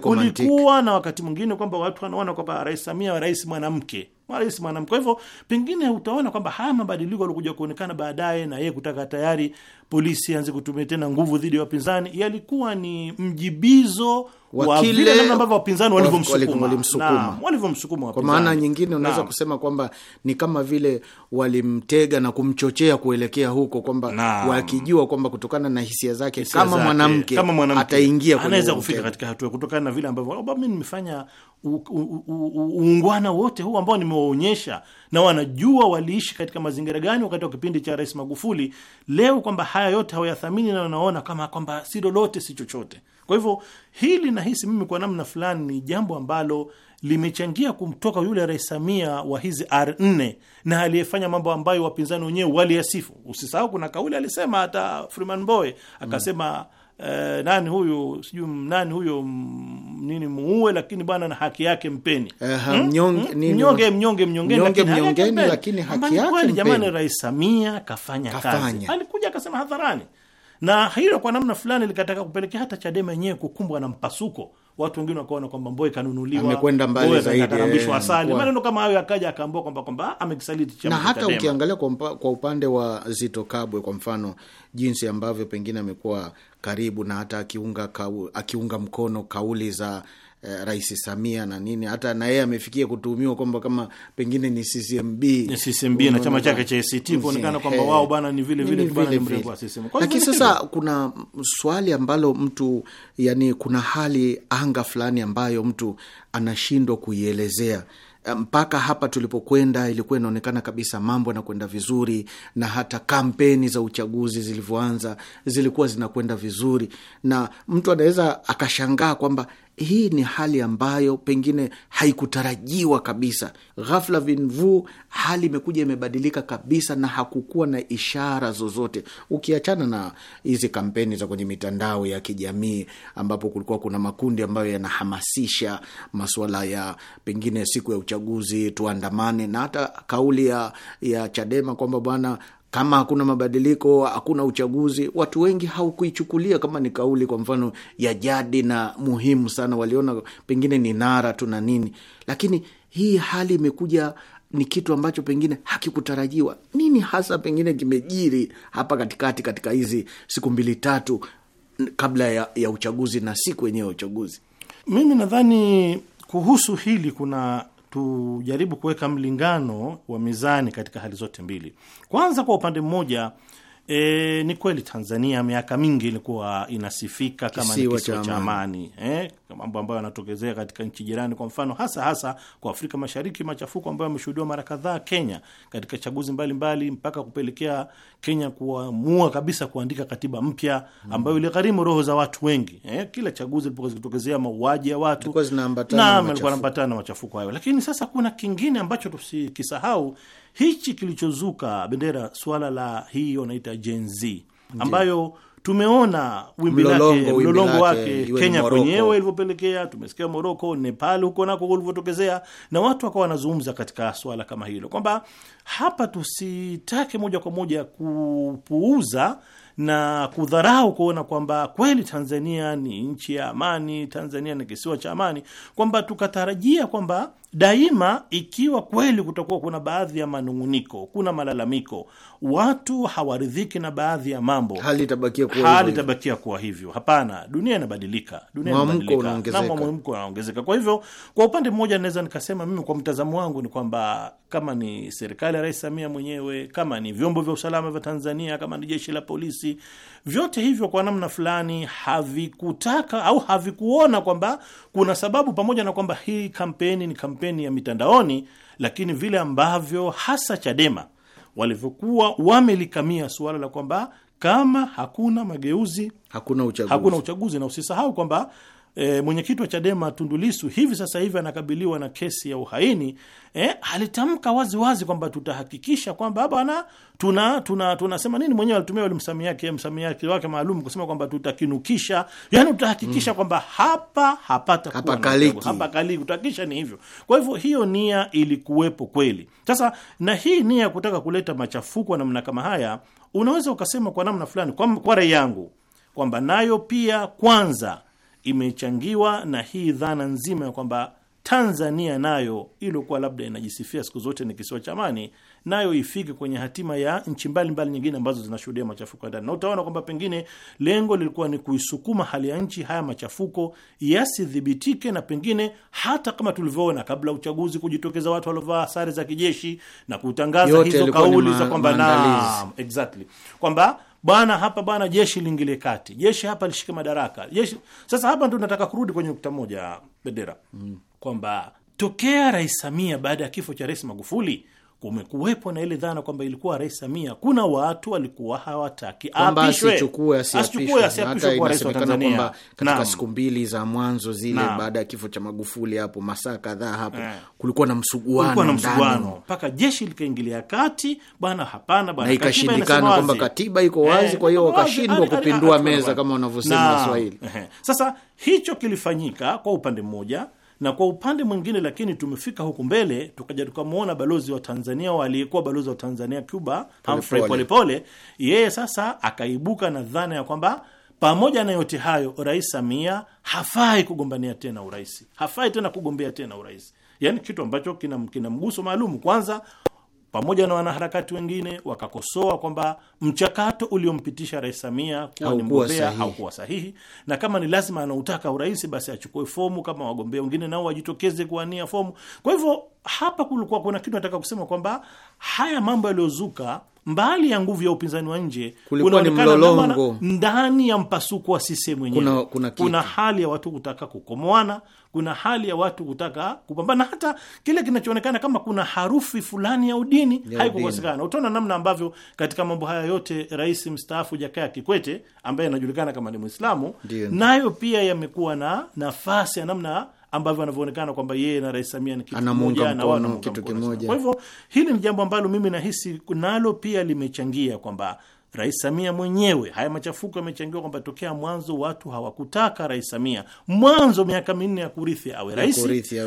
kulikuwa na wakati mwingine kwamba watu wanaona kwamba Rais Samia, rais mwanamke rais mwanamke. Kwa hivyo pengine utaona kwamba haya mabadiliko yaliokuja kuonekana baadaye na yeye kutaka tayari polisi anze kutumia tena nguvu dhidi ya wapinzani yalikuwa ni mjibizo wa vile namna ambavyo wapinzani walivyomsukuma walivyomsukuma. Kwa maana nyingine, unaweza kusema kwamba ni kama vile walimtega na kumchochea kuelekea huko, kwamba wakijua kwamba kutokana na hisia zake hisia kama mwanamke ataingia, anaweza kufika katika hatua kutokana na vile ambavyo oh, mimi nimefanya uungwana wote huu ambao nimewaonyesha na wanajua waliishi katika mazingira gani wakati wa kipindi cha Rais Magufuli, leo kwamba haya yote hawayathamini na wanaona kama kwamba si lolote si chochote. Kwa hivyo hili nahisi mimi kwa namna fulani ni jambo ambalo limechangia kumtoka yule Rais Samia wa hizi R4 na aliyefanya mambo ambayo wapinzani wenyewe waliyasifu. Usisahau kuna kauli alisema hata Freeman Mbowe akasema mm. Eh, nani huyu sijui nani huyu nini muue, lakini bwana na haki yake mpeni, eh, hmm? Hmm? mnyonge mnyonge mnyonge, lakini haki yake mpeni. Jamani, Rais Samia kafanya kazi, alikuja akasema hadharani, na hilo kwa namna fulani likataka kupelekea hata Chadema yenyewe kukumbwa na mpasuko watu wengine wakaona kwamba mboe kanunuliwa, amekwenda mbali zaidi, karambishwa eh, asali, maneno kama hayo akaja akaambua kwamba kwamba amekisaliti chama. Na hata ukiangalia kwa, mpa, kwa upande wa Zito Kabwe kwa mfano, jinsi ambavyo pengine amekuwa karibu na hata akiunga, kau, akiunga mkono kauli za eh, Rais Samia na nini, hata na yeye amefikia kutuhumiwa kwamba kama pengine ni CCMB CCMB na chama chake cha ACT kuonekana kwamba wao bana ni vile eh, vile bana ni mrengo wa CCM. Lakini sasa kuna swali ambalo mtu yani, kuna hali anga fulani ambayo mtu anashindwa kuielezea eh, mpaka hapa tulipokwenda ilikuwa inaonekana kabisa mambo yanakwenda vizuri, na hata kampeni za uchaguzi zilivyoanza zilikuwa zinakwenda vizuri, na mtu anaweza akashangaa kwamba hii ni hali ambayo pengine haikutarajiwa kabisa. Ghafla vinvu, hali imekuja imebadilika kabisa, na hakukuwa na ishara zozote, ukiachana na hizi kampeni za kwenye mitandao ya kijamii, ambapo kulikuwa kuna makundi ambayo yanahamasisha masuala ya pengine siku ya uchaguzi tuandamane, na hata kauli ya, ya Chadema kwamba bwana kama hakuna mabadiliko, hakuna uchaguzi, watu wengi haukuichukulia kama ni kauli, kwa mfano, ya jadi na muhimu sana. Waliona pengine ni nara tu na nini, lakini hii hali imekuja ni kitu ambacho pengine hakikutarajiwa. Nini hasa pengine kimejiri hapa katikati, katika hizi siku mbili tatu kabla ya, ya uchaguzi na siku yenyewe ya uchaguzi? Mimi nadhani kuhusu hili kuna tujaribu kuweka mlingano wa mizani katika hali zote mbili. Kwanza, kwa upande mmoja E, ni kweli Tanzania miaka mingi ilikuwa inasifika kama ni kisiwa cha amani eh, mambo ambayo yanatokezea katika nchi jirani, kwa mfano hasa hasa kwa Afrika Mashariki, machafuko ambayo yameshuhudiwa mara kadhaa Kenya katika chaguzi mbalimbali mbali, mpaka kupelekea Kenya kuamua kabisa kuandika katiba mpya mm. ambayo iligharimu roho za watu wengi eh, kila chaguzi lilipokuwa zikitokezea mauaji ya watu na na machafuko hayo. Lakini sasa kuna kingine ambacho tusikisahau hichi kilichozuka bendera, suala la hii wanaita Gen Z ambayo tumeona wimbi lake mlolongo wake Kenya kwenyewe ilivyopelekea, tumesikia Moroko, Nepal huko nako ulivyotokezea, na watu wakawa wanazungumza katika swala kama hilo kwamba hapa tusitake moja kwa moja kupuuza na kudharau kuona kwamba kweli Tanzania ni nchi ya amani, Tanzania ni kisiwa cha amani, kwamba tukatarajia kwamba daima ikiwa kweli kutakuwa kuna baadhi ya manung'uniko, kuna malalamiko, watu hawaridhiki na baadhi ya mambo, hali itabakia kuwa, hali itabakia kuwa hivyo. Hapana, dunia inabadilika, dunia inabadilika mwamko unaongezeka. Kwa hivyo, kwa upande mmoja, naweza nikasema mimi, kwa mtazamo wangu, ni kwamba kama ni serikali ya Rais Samia mwenyewe, kama ni vyombo vya usalama vya Tanzania, kama ni jeshi la polisi nafsi, vyote hivyo kwa namna fulani havikutaka au havikuona kwamba kuna sababu, pamoja na kwamba hii kampeni ni kampeni ya mitandaoni, lakini vile ambavyo hasa Chadema walivyokuwa wamelikamia suala la kwamba kama hakuna mageuzi hakuna uchaguzi, hakuna uchaguzi. Na usisahau kwamba e, mwenyekiti wa Chadema Tundu Lissu hivi sasa hivi anakabiliwa na kesi ya uhaini e, alitamka waziwazi kwamba tutahakikisha kwamba ah, bwana tuna tunasema tuna, tunasema nini mwenyewe alitumia ule msami yake wake maalum kusema kwamba tutakinukisha, yani tutahakikisha mm, kwamba hapa hapata hapa kaliki hapa kaliki, tutahakikisha ni hivyo. Kwa hivyo hiyo nia ilikuwepo kweli. Sasa na hii nia ya kutaka kuleta machafuko namna kama haya, unaweza ukasema kwa namna fulani, kwa, kwa rai yangu kwamba nayo pia kwanza imechangiwa na hii dhana nzima ya kwamba Tanzania nayo iliokuwa labda inajisifia siku zote ni kisiwa cha amani, nayo ifike kwenye hatima ya nchi mbalimbali nyingine ambazo zinashuhudia machafuko ya ndani, na utaona kwamba pengine lengo lilikuwa ni kuisukuma hali ya nchi, haya machafuko yasidhibitike, na pengine hata kama tulivyoona kabla uchaguzi kujitokeza watu waliovaa sare za kijeshi na kutangaza hizo kauli za kwamba exactly kwamba bwana hapa bwana, jeshi liingilie kati, jeshi hapa lishike madaraka, jeshi. Sasa hapa ndo nataka kurudi kwenye nukta moja Bendera, mm. kwamba tokea Rais Samia baada ya kifo cha Rais Magufuli kumekuwepo na ile dhana kwamba ilikuwa Rais Samia, kuna watu walikuwa hawataki asichukue asiapishwe rais wa Tanzania katika siku mbili za mwanzo zile, baada ya kifo cha Magufuli hapo masaa kadhaa hapo eh, kulikuwa na msuguano mpaka jeshi likaingilia kati bana, hapana bana, ikashindikana kwamba katiba iko eh, wazi eh, kwa hiyo wakashindwa kupindua meza kama wanavyosema Waswahili. Eh, eh. Sasa hicho kilifanyika kwa upande mmoja na kwa upande mwingine lakini tumefika huku mbele tukaja tukamwona balozi wa Tanzania aliyekuwa balozi wa Tanzania Cuba Humphrey Polepole, yeye sasa akaibuka na dhana ya kwamba pamoja na yote hayo, Rais Samia hafai kugombania tena urais, hafai tena kugombea tena urais, yani kitu ambacho kina, kina mguso maalum kwanza pamoja na wanaharakati wengine wakakosoa kwamba mchakato uliompitisha Rais Samia kuwa ni mgombea haukuwa sahihi, na kama ni lazima anautaka urais, basi achukue fomu kama wagombea wengine nao wajitokeze kuwania fomu. Kwa hivyo, hapa kulikuwa kuna kitu nataka kusema kwamba haya mambo yaliyozuka mbali ya nguvu ya upinzani wa nje, kulikuwa ni mlolongo ndani ya mpasuko wa sisi wenyewe. Kuna, kuna, kuna hali ya watu kutaka kukomoana, kuna hali ya watu kutaka kupambana, hata kile kinachoonekana kama kuna harufi fulani ya udini haikukosekana. Utaona namna ambavyo katika mambo haya yote rais mstaafu Jakaya Kikwete ambaye anajulikana kama ni Mwislamu, nayo pia yamekuwa na nafasi ya namna ambavyo anavyoonekana kwamba yeye na Rais Samia ni kitu kimoja kimoja. Kwa hivyo hili ni jambo ambalo mimi nahisi nalo pia limechangia kwamba Rais Samia mwenyewe. Haya machafuko yamechangiwa kwamba tokea mwanzo watu hawakutaka Rais Samia mwanzo miaka minne ya kurithi awe rais.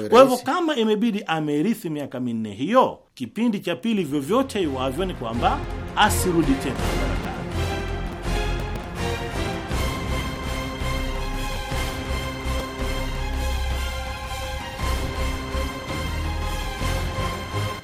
Kwa hivyo kama imebidi amerithi miaka minne hiyo, kipindi cha pili vyovyote iwavyo ni kwamba asirudi tena.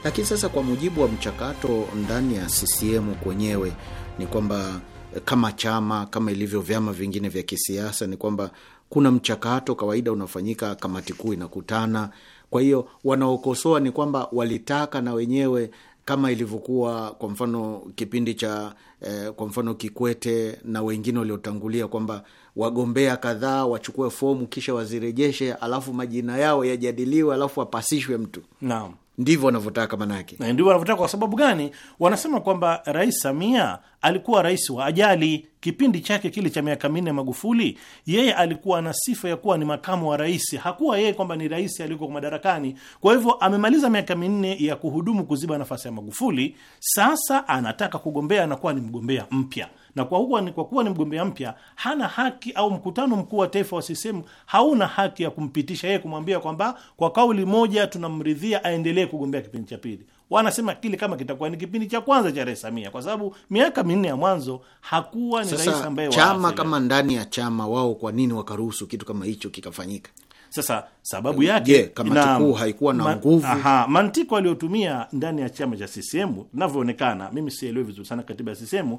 Lakini sasa kwa mujibu wa mchakato ndani ya CCM kwenyewe ni kwamba eh, kama chama kama ilivyo vyama vingine vya kisiasa ni kwamba kuna mchakato kawaida unafanyika, kamati kuu inakutana. Kwa hiyo wanaokosoa ni kwamba walitaka na wenyewe kama ilivyokuwa kwa mfano kipindi cha eh, kwa mfano Kikwete na wengine waliotangulia kwamba wagombea kadhaa wachukue fomu kisha wazirejeshe, alafu majina yao yajadiliwe, alafu apasishwe mtu. Naam ndivyo wanavyotaka manake, na ndivyo wanavyotaka. Kwa sababu gani? Wanasema kwamba Rais Samia alikuwa rais wa ajali. Kipindi chake kile cha miaka minne Magufuli, yeye alikuwa na sifa ya kuwa ni makamu wa rais, hakuwa yeye kwamba ni rais aliko madarakani. Kwa hivyo amemaliza miaka minne ya kuhudumu kuziba nafasi ya Magufuli, sasa anataka kugombea na kuwa ni mgombea mpya na kwa kuwa ni, kwa kuwa ni mgombea mpya hana haki au mkutano mkuu wa taifa wa CCM hauna haki ya kumpitisha yeye, kumwambia kwamba kwa kauli moja tunamridhia aendelee kugombea kipindi cha pili. Wanasema kile kama kitakuwa ni kipindi cha kwanza cha Rais Samia, kwa sababu miaka minne ya mwanzo hakuwa ni rais ambaye chama kama ndani ya chama wao, kwa nini wakaruhusu kitu kama hicho kikafanyika? Sasa sababu yake yeah, kamati kuu haikuwa na nguvu. Aha, mantiko aliyotumia ndani ya chama cha CCM, inavyoonekana, mimi sielewi vizuri sana katiba ya CCM,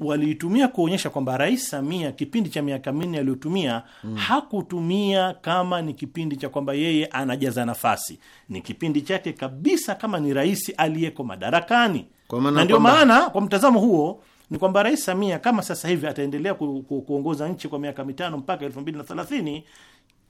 waliitumia kuonyesha kwamba Rais Samia kipindi cha miaka minne aliyotumia mm. hakutumia kama ni kipindi cha kwamba yeye anajaza nafasi, ni kipindi chake kabisa kama ni rais aliyeko madarakani, na ndio maana kwa mtazamo huo ni kwamba Rais Samia kama sasa hivi ataendelea ku, ku, kuongoza nchi kwa miaka mitano mpaka elfu mbili na thelathini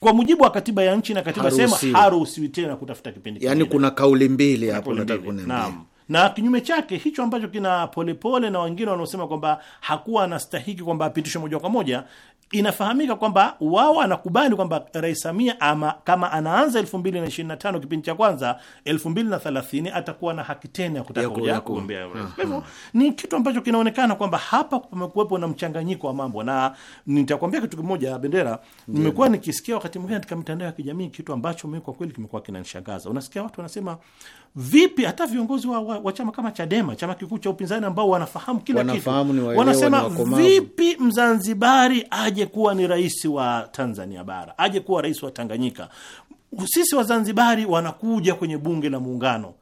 kwa mujibu wa katiba ya nchi na katiba sema haruhusiwi tena kutafuta kipindi, yani kuna kauli mbili hapo nataka kuniambia na kinyume chake hicho ambacho kina Polepole pole na wengine wanaosema kwamba hakuwa anastahiki kwamba apitishwe moja kwa moja inafahamika kwamba wao anakubali kwamba Rais Samia ama kama anaanza elfu mbili na tano kipindi cha kwanza elfu mbili na thelathini atakuwa na haki tena ya kutaka kuja kugombea urais. Hmm. Kwa hivyo ni kitu ambacho kinaonekana kwamba hapa pamekuwepo na mchanganyiko wa mambo, na nitakuambia kitu kimoja Bendera, nimekuwa nikisikia wakati mwingine katika mitandao ya kijamii kitu ambacho mimi kwa kweli kimekuwa kinanishangaza. Unasikia watu wanasema vipi, hata viongozi wa, wa, wa chama kama Chadema, chama kikuu cha upinzani, ambao wanafahamu kila wanafahamu kitu, wanasema vipi Mzanzibari aje kuwa ni rais wa Tanzania bara, aje kuwa rais wa Tanganyika? Sisi Wazanzibari wanakuja kwenye bunge la muungano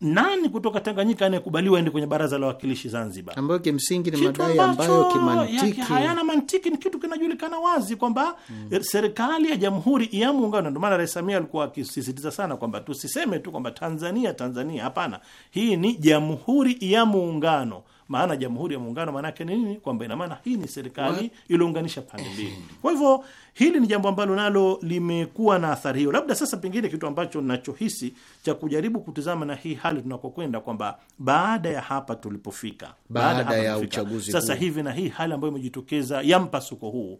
nani kutoka Tanganyika anayekubaliwa ende kwenye baraza la wawakilishi Zanzibar, ambayo kimsingi ni madai ambayo kimantiki hayana mantiki. Ni kitu kinajulikana wazi kwamba mm, eh, serikali ya jamhuri ya muungano. Ndio maana Rais Samia alikuwa akisisitiza sana kwamba tusiseme tu kwamba Tanzania Tanzania, hapana, hii ni jamhuri ya muungano maana Jamhuri ya Muungano maanake ni nini? Kwamba ina maana hii ni serikali iliyounganisha pande mbili. Kwa hivyo hili ni jambo ambalo nalo limekuwa na athari hiyo. Labda sasa, pengine kitu ambacho nachohisi cha kujaribu kutizama na hii hali tunakokwenda, kwamba baada ya hapa tulipofika, baada baada ya uchaguzi sasa hivi na hii hali ambayo imejitokeza ya mpasuko huu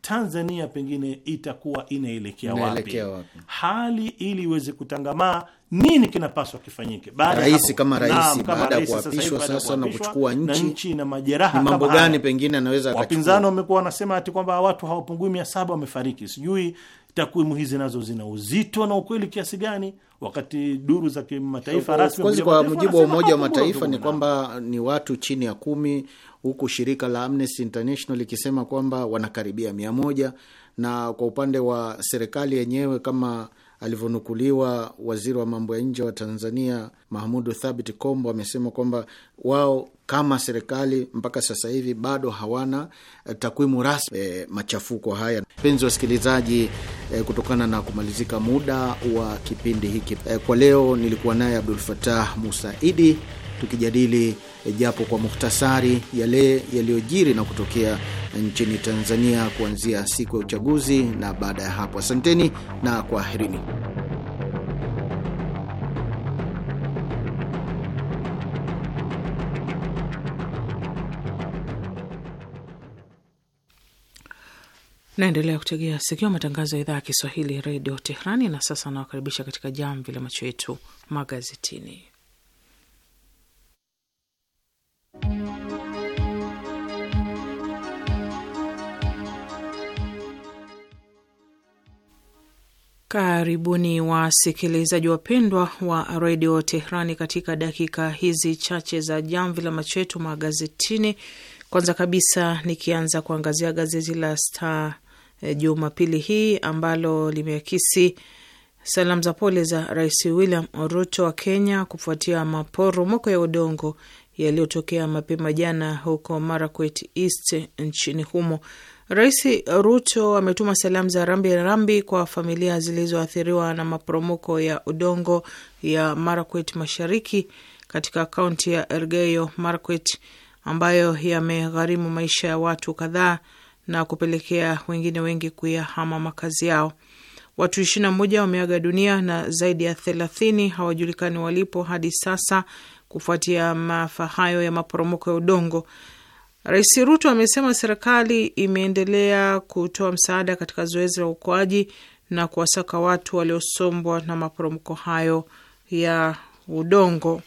Tanzania pengine itakuwa inaelekea wapi? Hali ili iweze kutangamaa nini kinapaswa kifanyike rais kama rais baada ya kuapishwa sasa na kuchukua nchi na nchi na majeraha, ni mambo gani pengine anaweza Wapinzani wamekuwa wanasema ati kwamba watu hawapungui mia saba wamefariki. Sijui takwimu hizi nazo zina uzito na ukweli kiasi gani, wakati duru za kimataifa rasmi kwa mujibu wa Umoja wa Mataifa ni kwamba ni watu chini ya kumi, huku shirika la Amnesty International likisema kwamba wanakaribia mia moja na kwa upande wa serikali yenyewe kama alivyonukuliwa waziri wa mambo ya nje wa Tanzania Mahmudu Thabit Kombo amesema kwamba wao kama serikali mpaka sasa hivi bado hawana eh, takwimu rasmi e, machafuko haya. Mpenzi wasikilizaji, e, kutokana na kumalizika muda wa kipindi hiki e, kwa leo nilikuwa naye Abdul Fatah Musaidi tukijadili japo kwa muhtasari, yale yaliyojiri na kutokea nchini Tanzania kuanzia siku ya uchaguzi na baada ya hapo. Asanteni na kwaherini. Naendelea kutegea sikio matangazo ya idhaa ya Kiswahili, Redio Tehrani. Na sasa anawakaribisha katika jamvi la macho yetu magazetini. Karibuni wasikilizaji wapendwa wa, redio Tehrani katika dakika hizi chache za jamvi la macho yetu magazetini. Kwanza kabisa nikianza kuangazia gazeti la Star e, Jumapili hii ambalo limeakisi salamu za pole za Rais William Ruto wa Kenya kufuatia maporomoko ya udongo yaliyotokea mapema jana huko Marakwet East nchini humo. Rais Ruto ametuma salamu za rambi rambi kwa familia zilizoathiriwa na maporomoko ya udongo ya Marakwet Mashariki katika kaunti ya ergeyo Marakwet ambayo yamegharimu maisha ya watu kadhaa na kupelekea wengine wengi kuyahama makazi yao. Watu ishirini na moja wameaga dunia na zaidi ya thelathini hawajulikani walipo hadi sasa kufuatia maafa hayo ya maporomoko ya udongo. Rais Ruto amesema serikali imeendelea kutoa msaada katika zoezi la uokoaji na kuwasaka watu waliosombwa na maporomoko hayo ya udongo.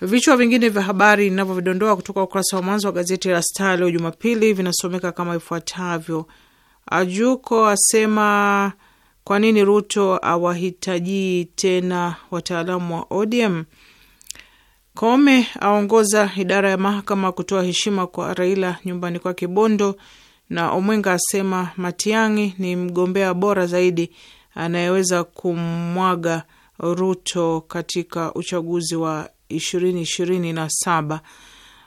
Vichwa vingine vya habari ninavyovidondoa kutoka ukurasa wa mwanzo wa gazeti la Star leo Jumapili vinasomeka kama ifuatavyo: Ajuko asema kwa nini Ruto awahitaji tena wataalamu wa ODM kome aongoza idara ya mahakama kutoa heshima kwa Raila nyumbani kwake Bondo, na Omwenga asema Matiang'i ni mgombea bora zaidi anayeweza kumwaga Ruto katika uchaguzi wa ishirini ishirini na saba.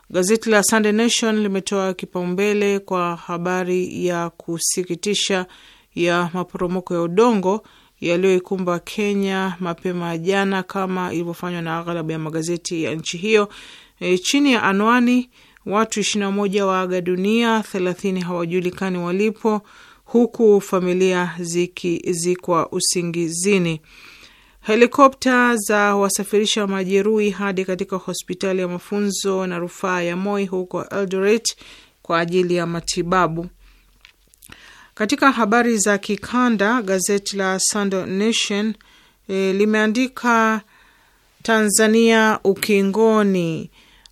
Gazeti la Sunday Nation limetoa kipaumbele kwa habari ya kusikitisha ya maporomoko ya udongo yaliyoikumba Kenya mapema jana, kama ilivyofanywa na aghalabu ya magazeti ya nchi hiyo, e, chini ya anwani watu 21 waaga dunia, 30 hawajulikani walipo, huku familia zikizikwa usingizini. Helikopta za wasafirisha majeruhi hadi katika hospitali ya mafunzo na rufaa ya Moi huko Eldoret kwa ajili ya matibabu. Katika habari za kikanda, gazeti la Sunday Nation e, limeandika Tanzania ukingoni,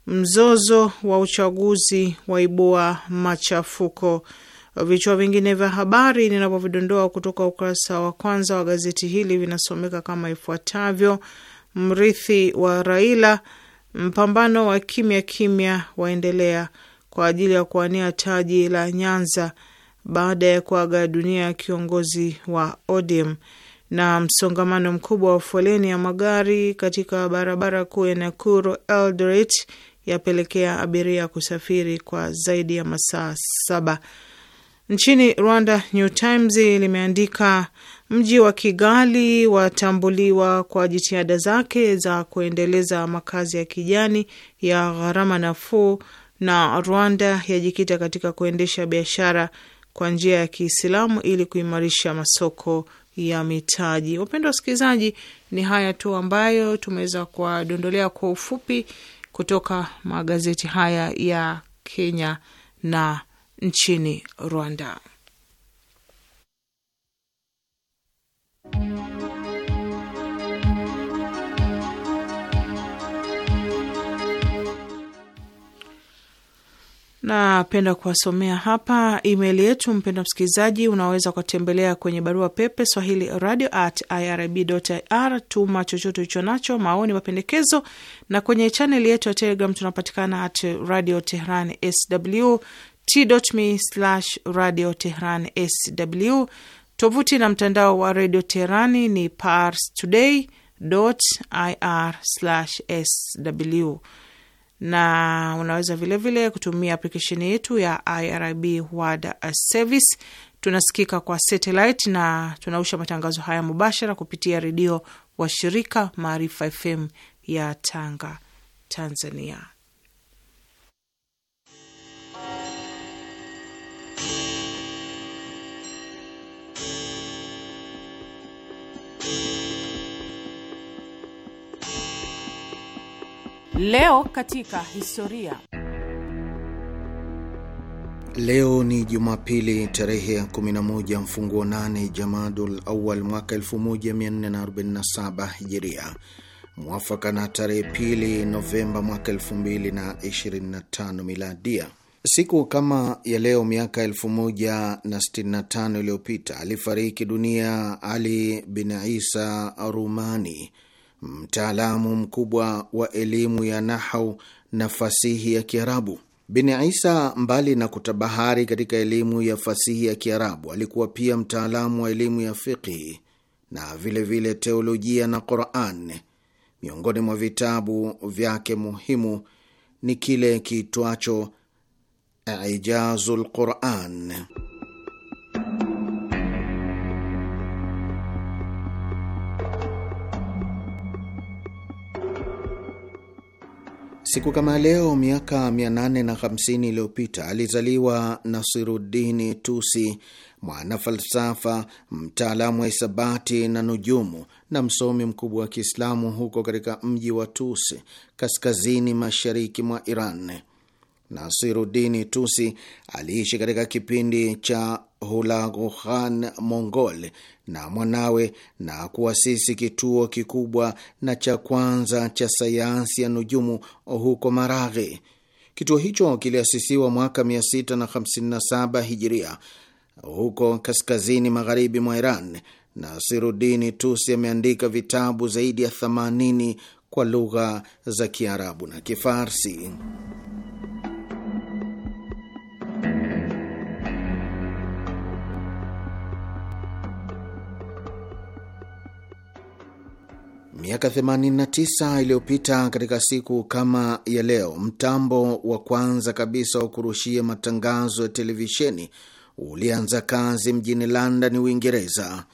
mzozo wa uchaguzi waibua machafuko. Vichwa vingine vya habari ninavyovidondoa kutoka ukurasa wa kwanza wa gazeti hili vinasomeka kama ifuatavyo: mrithi wa Raila, mpambano wa kimya kimya waendelea kwa ajili ya kuwania taji la Nyanza baada ya kuaga dunia kiongozi wa ODM na msongamano mkubwa wa foleni ya magari katika barabara kuu ya Nakuru Eldoret yapelekea abiria kusafiri kwa zaidi ya masaa saba. Nchini Rwanda, New Times limeandika mji wa Kigali watambuliwa kwa jitihada zake za kuendeleza makazi ya kijani ya gharama nafuu, na Rwanda yajikita katika kuendesha biashara kwa njia ya Kiislamu ili kuimarisha masoko ya mitaji. Wapendwa wasikilizaji, ni haya tu ambayo tumeweza kuwadondolea kwa ufupi kutoka magazeti haya ya Kenya na nchini Rwanda. Napenda kuwasomea hapa email yetu, mpenda msikilizaji, unaweza ukatembelea kwenye barua pepe swahili radio at irib.ir. Tuma chochote ulicho nacho, maoni, mapendekezo, na kwenye chaneli yetu ya Telegram tunapatikana at radio tehran sw t.me slash radio tehran sw. Tovuti na mtandao wa radio Teherani ni pars today ir sw na unaweza vilevile vile kutumia aplikesheni yetu ya IRIB World Service. Tunasikika kwa satellite na tunausha matangazo haya mubashara kupitia redio wa shirika Maarifa FM ya Tanga, Tanzania. Leo katika historia. Leo ni Jumapili tarehe ya 11 mfunguo 8 Jamadul Awal mwaka 1447 Hijiria, mwafaka na tarehe pili Novemba mwaka 2025 Miladia. Siku kama ya leo miaka 1065 iliyopita alifariki dunia Ali bin Isa Arumani, mtaalamu mkubwa wa elimu ya nahau na fasihi ya Kiarabu. Bin Isa, mbali na kutabahari katika elimu ya fasihi ya Kiarabu, alikuwa pia mtaalamu wa elimu ya fiqhi na vilevile vile teolojia na Quran. Miongoni mwa vitabu vyake muhimu ni kile kiitwacho Ijazu lquran. Siku kama leo miaka 850 iliyopita alizaliwa Nasiruddin Tusi, mwana falsafa, mtaalamu wa hisabati na nujumu na msomi mkubwa wa Kiislamu huko katika mji wa Tusi, kaskazini mashariki mwa Iran. Nasirudini Tusi aliishi katika kipindi cha Hulagu Khan Mongol na mwanawe na kuasisi kituo kikubwa na cha kwanza cha sayansi ya nujumu huko Maraghi. Kituo hicho kiliasisiwa mwaka 657 Hijiria huko kaskazini magharibi mwa Iran. Nasirudini Tusi ameandika vitabu zaidi ya 80 kwa lugha za Kiarabu na Kifarsi. Miaka 89 iliyopita katika siku kama ya leo, mtambo wa kwanza kabisa wa kurushia matangazo ya televisheni ulianza kazi mjini London, Uingereza.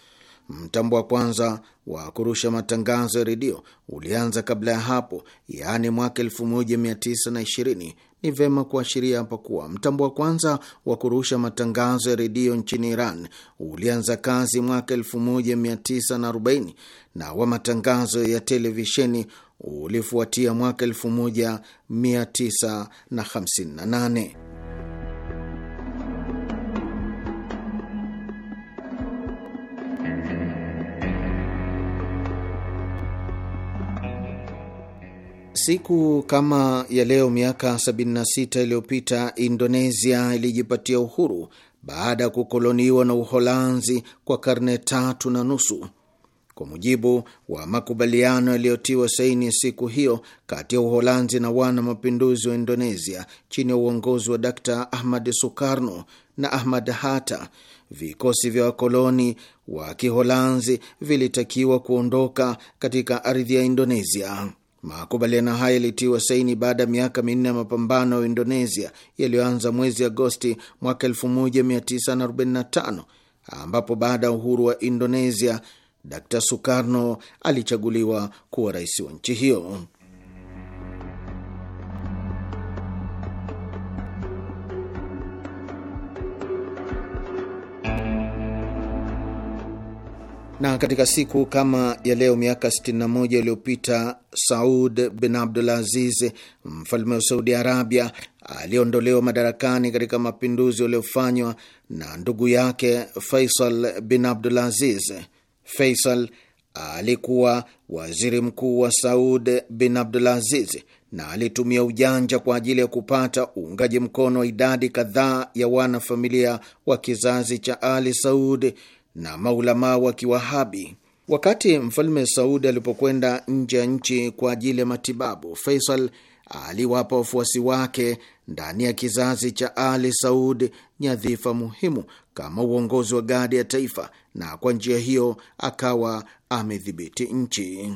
Mtambo wa kwanza wa kurusha matangazo ya redio ulianza kabla ya hapo, yaani mwaka 1920 ni vema kuashiria hapa kuwa mtambo wa kwanza wa kurusha matangazo ya redio nchini Iran ulianza kazi mwaka 1940 na wa matangazo ya televisheni ulifuatia mwaka 1958. Siku kama ya leo miaka 76 iliyopita Indonesia ilijipatia uhuru baada ya kukoloniwa na Uholanzi kwa karne tatu na nusu, kwa mujibu wa makubaliano yaliyotiwa saini siku hiyo kati ya Uholanzi na wana mapinduzi wa Indonesia chini ya uongozi wa Dakta Ahmad Sukarno na Ahmad Hatta. Vikosi vya wakoloni wa Kiholanzi vilitakiwa kuondoka katika ardhi ya Indonesia. Makubaliano haya yalitiwa saini baada ya miaka minne ya mapambano ya Indonesia yaliyoanza mwezi Agosti mwaka 1945 ambapo baada ya uhuru wa Indonesia dr Sukarno alichaguliwa kuwa rais wa nchi hiyo. Na katika siku kama ya leo miaka 61 iliyopita Saud bin Abdulaziz, mfalme wa Saudi Arabia, aliondolewa madarakani katika mapinduzi yaliyofanywa na ndugu yake Faisal bin Abdulaziz. Faisal alikuwa waziri mkuu wa Saud bin Abdulaziz na alitumia ujanja kwa ajili ya kupata uungaji mkono wa idadi kadhaa ya wanafamilia wa kizazi cha Ali Saud na maulamaa wa Kiwahabi. Wakati mfalme Saudi alipokwenda nje ya nchi kwa ajili ya matibabu, Faisal aliwapa wafuasi wake ndani ya kizazi cha Ali Saud nyadhifa muhimu kama uongozi wa gadi ya taifa, na kwa njia hiyo akawa amedhibiti nchi.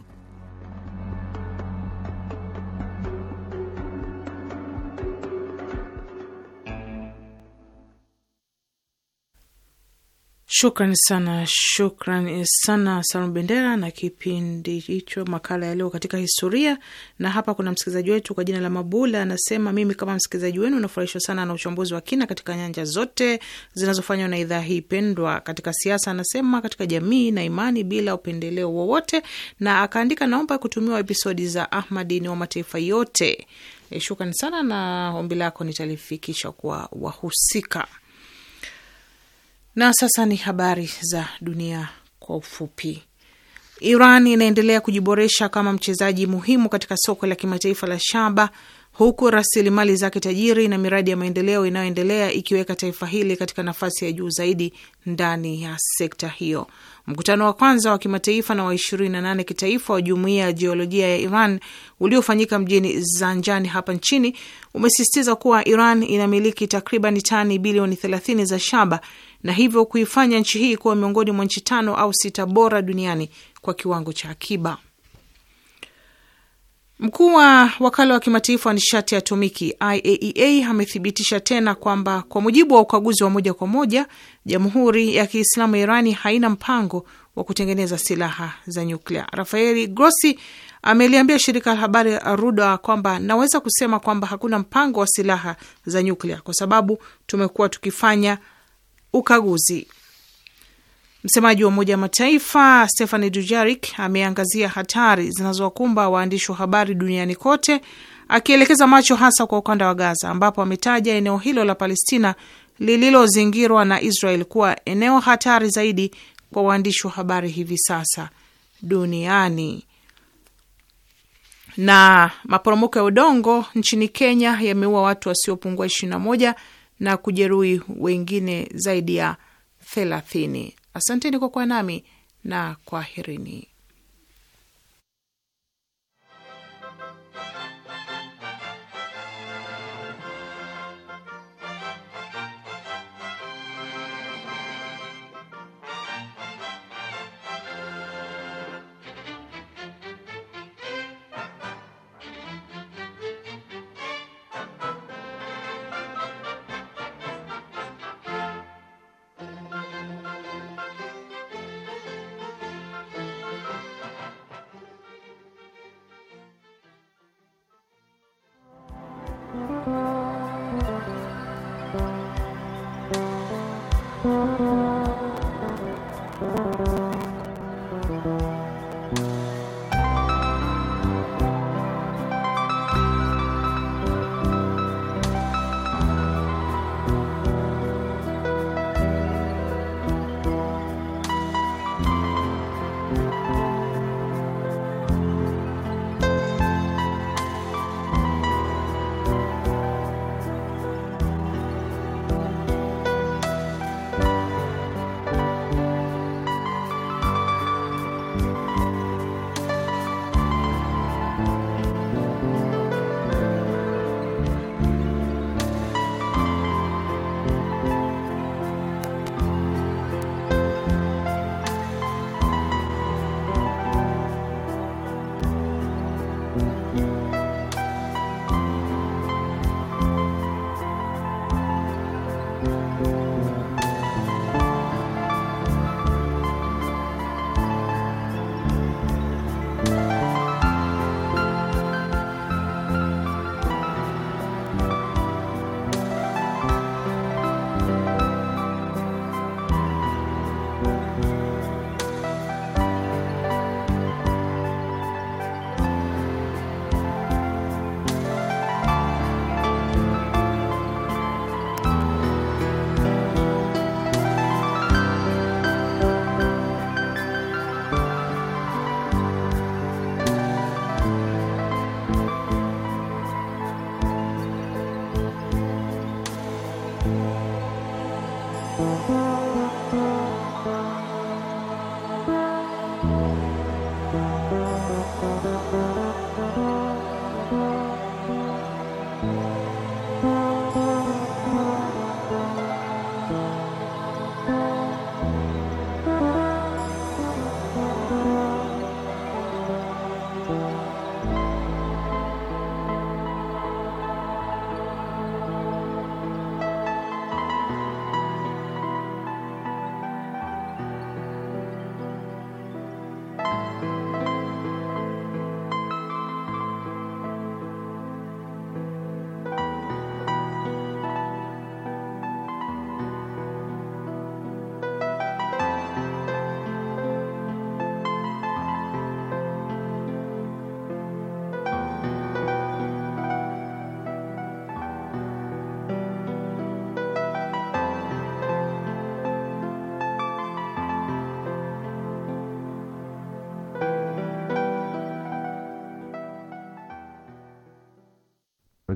Shukran sana, shukran sana Salum Bendera na kipindi hicho, makala yaliyo katika historia. Na hapa kuna msikilizaji wetu kwa jina la Mabula anasema, mimi kama msikilizaji wenu nafurahishwa sana na uchambuzi wa kina katika nyanja zote zinazofanywa na idhaa hii pendwa, katika siasa, anasema katika jamii na imani, bila upendeleo wowote, na akaandika, naomba kutumiwa episodi za ni wa mataifa yote. E, shukrani sana na ombi lako nitalifikisha kwa wahusika. Na sasa ni habari za dunia kwa ufupi. Iran inaendelea kujiboresha kama mchezaji muhimu katika soko la kimataifa la shaba huku rasilimali zake tajiri na miradi ya maendeleo inayoendelea ikiweka taifa hili katika nafasi ya juu zaidi ndani ya sekta hiyo. Mkutano wa kwanza wa kimataifa na wa 28 kitaifa wa jumuiya ya jiolojia ya Iran uliofanyika mjini Zanjani hapa nchini umesisitiza kuwa Iran inamiliki takriban tani bilioni 30 za shaba na hivyo kuifanya nchi hii kuwa miongoni mwa nchi tano au sita bora duniani kwa kiwango cha akiba. Mkuu wa wakala wa kimataifa wa nishati ya atomiki IAEA e amethibitisha tena kwamba kwa mujibu wa ukaguzi wa moja kwa moja, jamhuri ya Kiislamu ya Irani haina mpango wa kutengeneza silaha za nyuklia. Rafaeli Grossi ameliambia shirika la habari Ruda kwamba naweza kusema kwamba hakuna mpango wa silaha za nyuklia kwa sababu tumekuwa tukifanya ukaguzi. Msemaji wa Umoja wa Mataifa Stephane Dujarik ameangazia hatari zinazowakumba waandishi wa habari duniani kote, akielekeza macho hasa kwa ukanda wa Gaza, ambapo ametaja eneo hilo la Palestina lililozingirwa na Israel kuwa eneo hatari zaidi kwa waandishi wa habari hivi sasa duniani. Na maporomoko ya udongo nchini Kenya yameua watu wasiopungua moja na kujeruhi wengine zaidi ya thelathini. Asanteni kwa kuwa nami na kwaherini.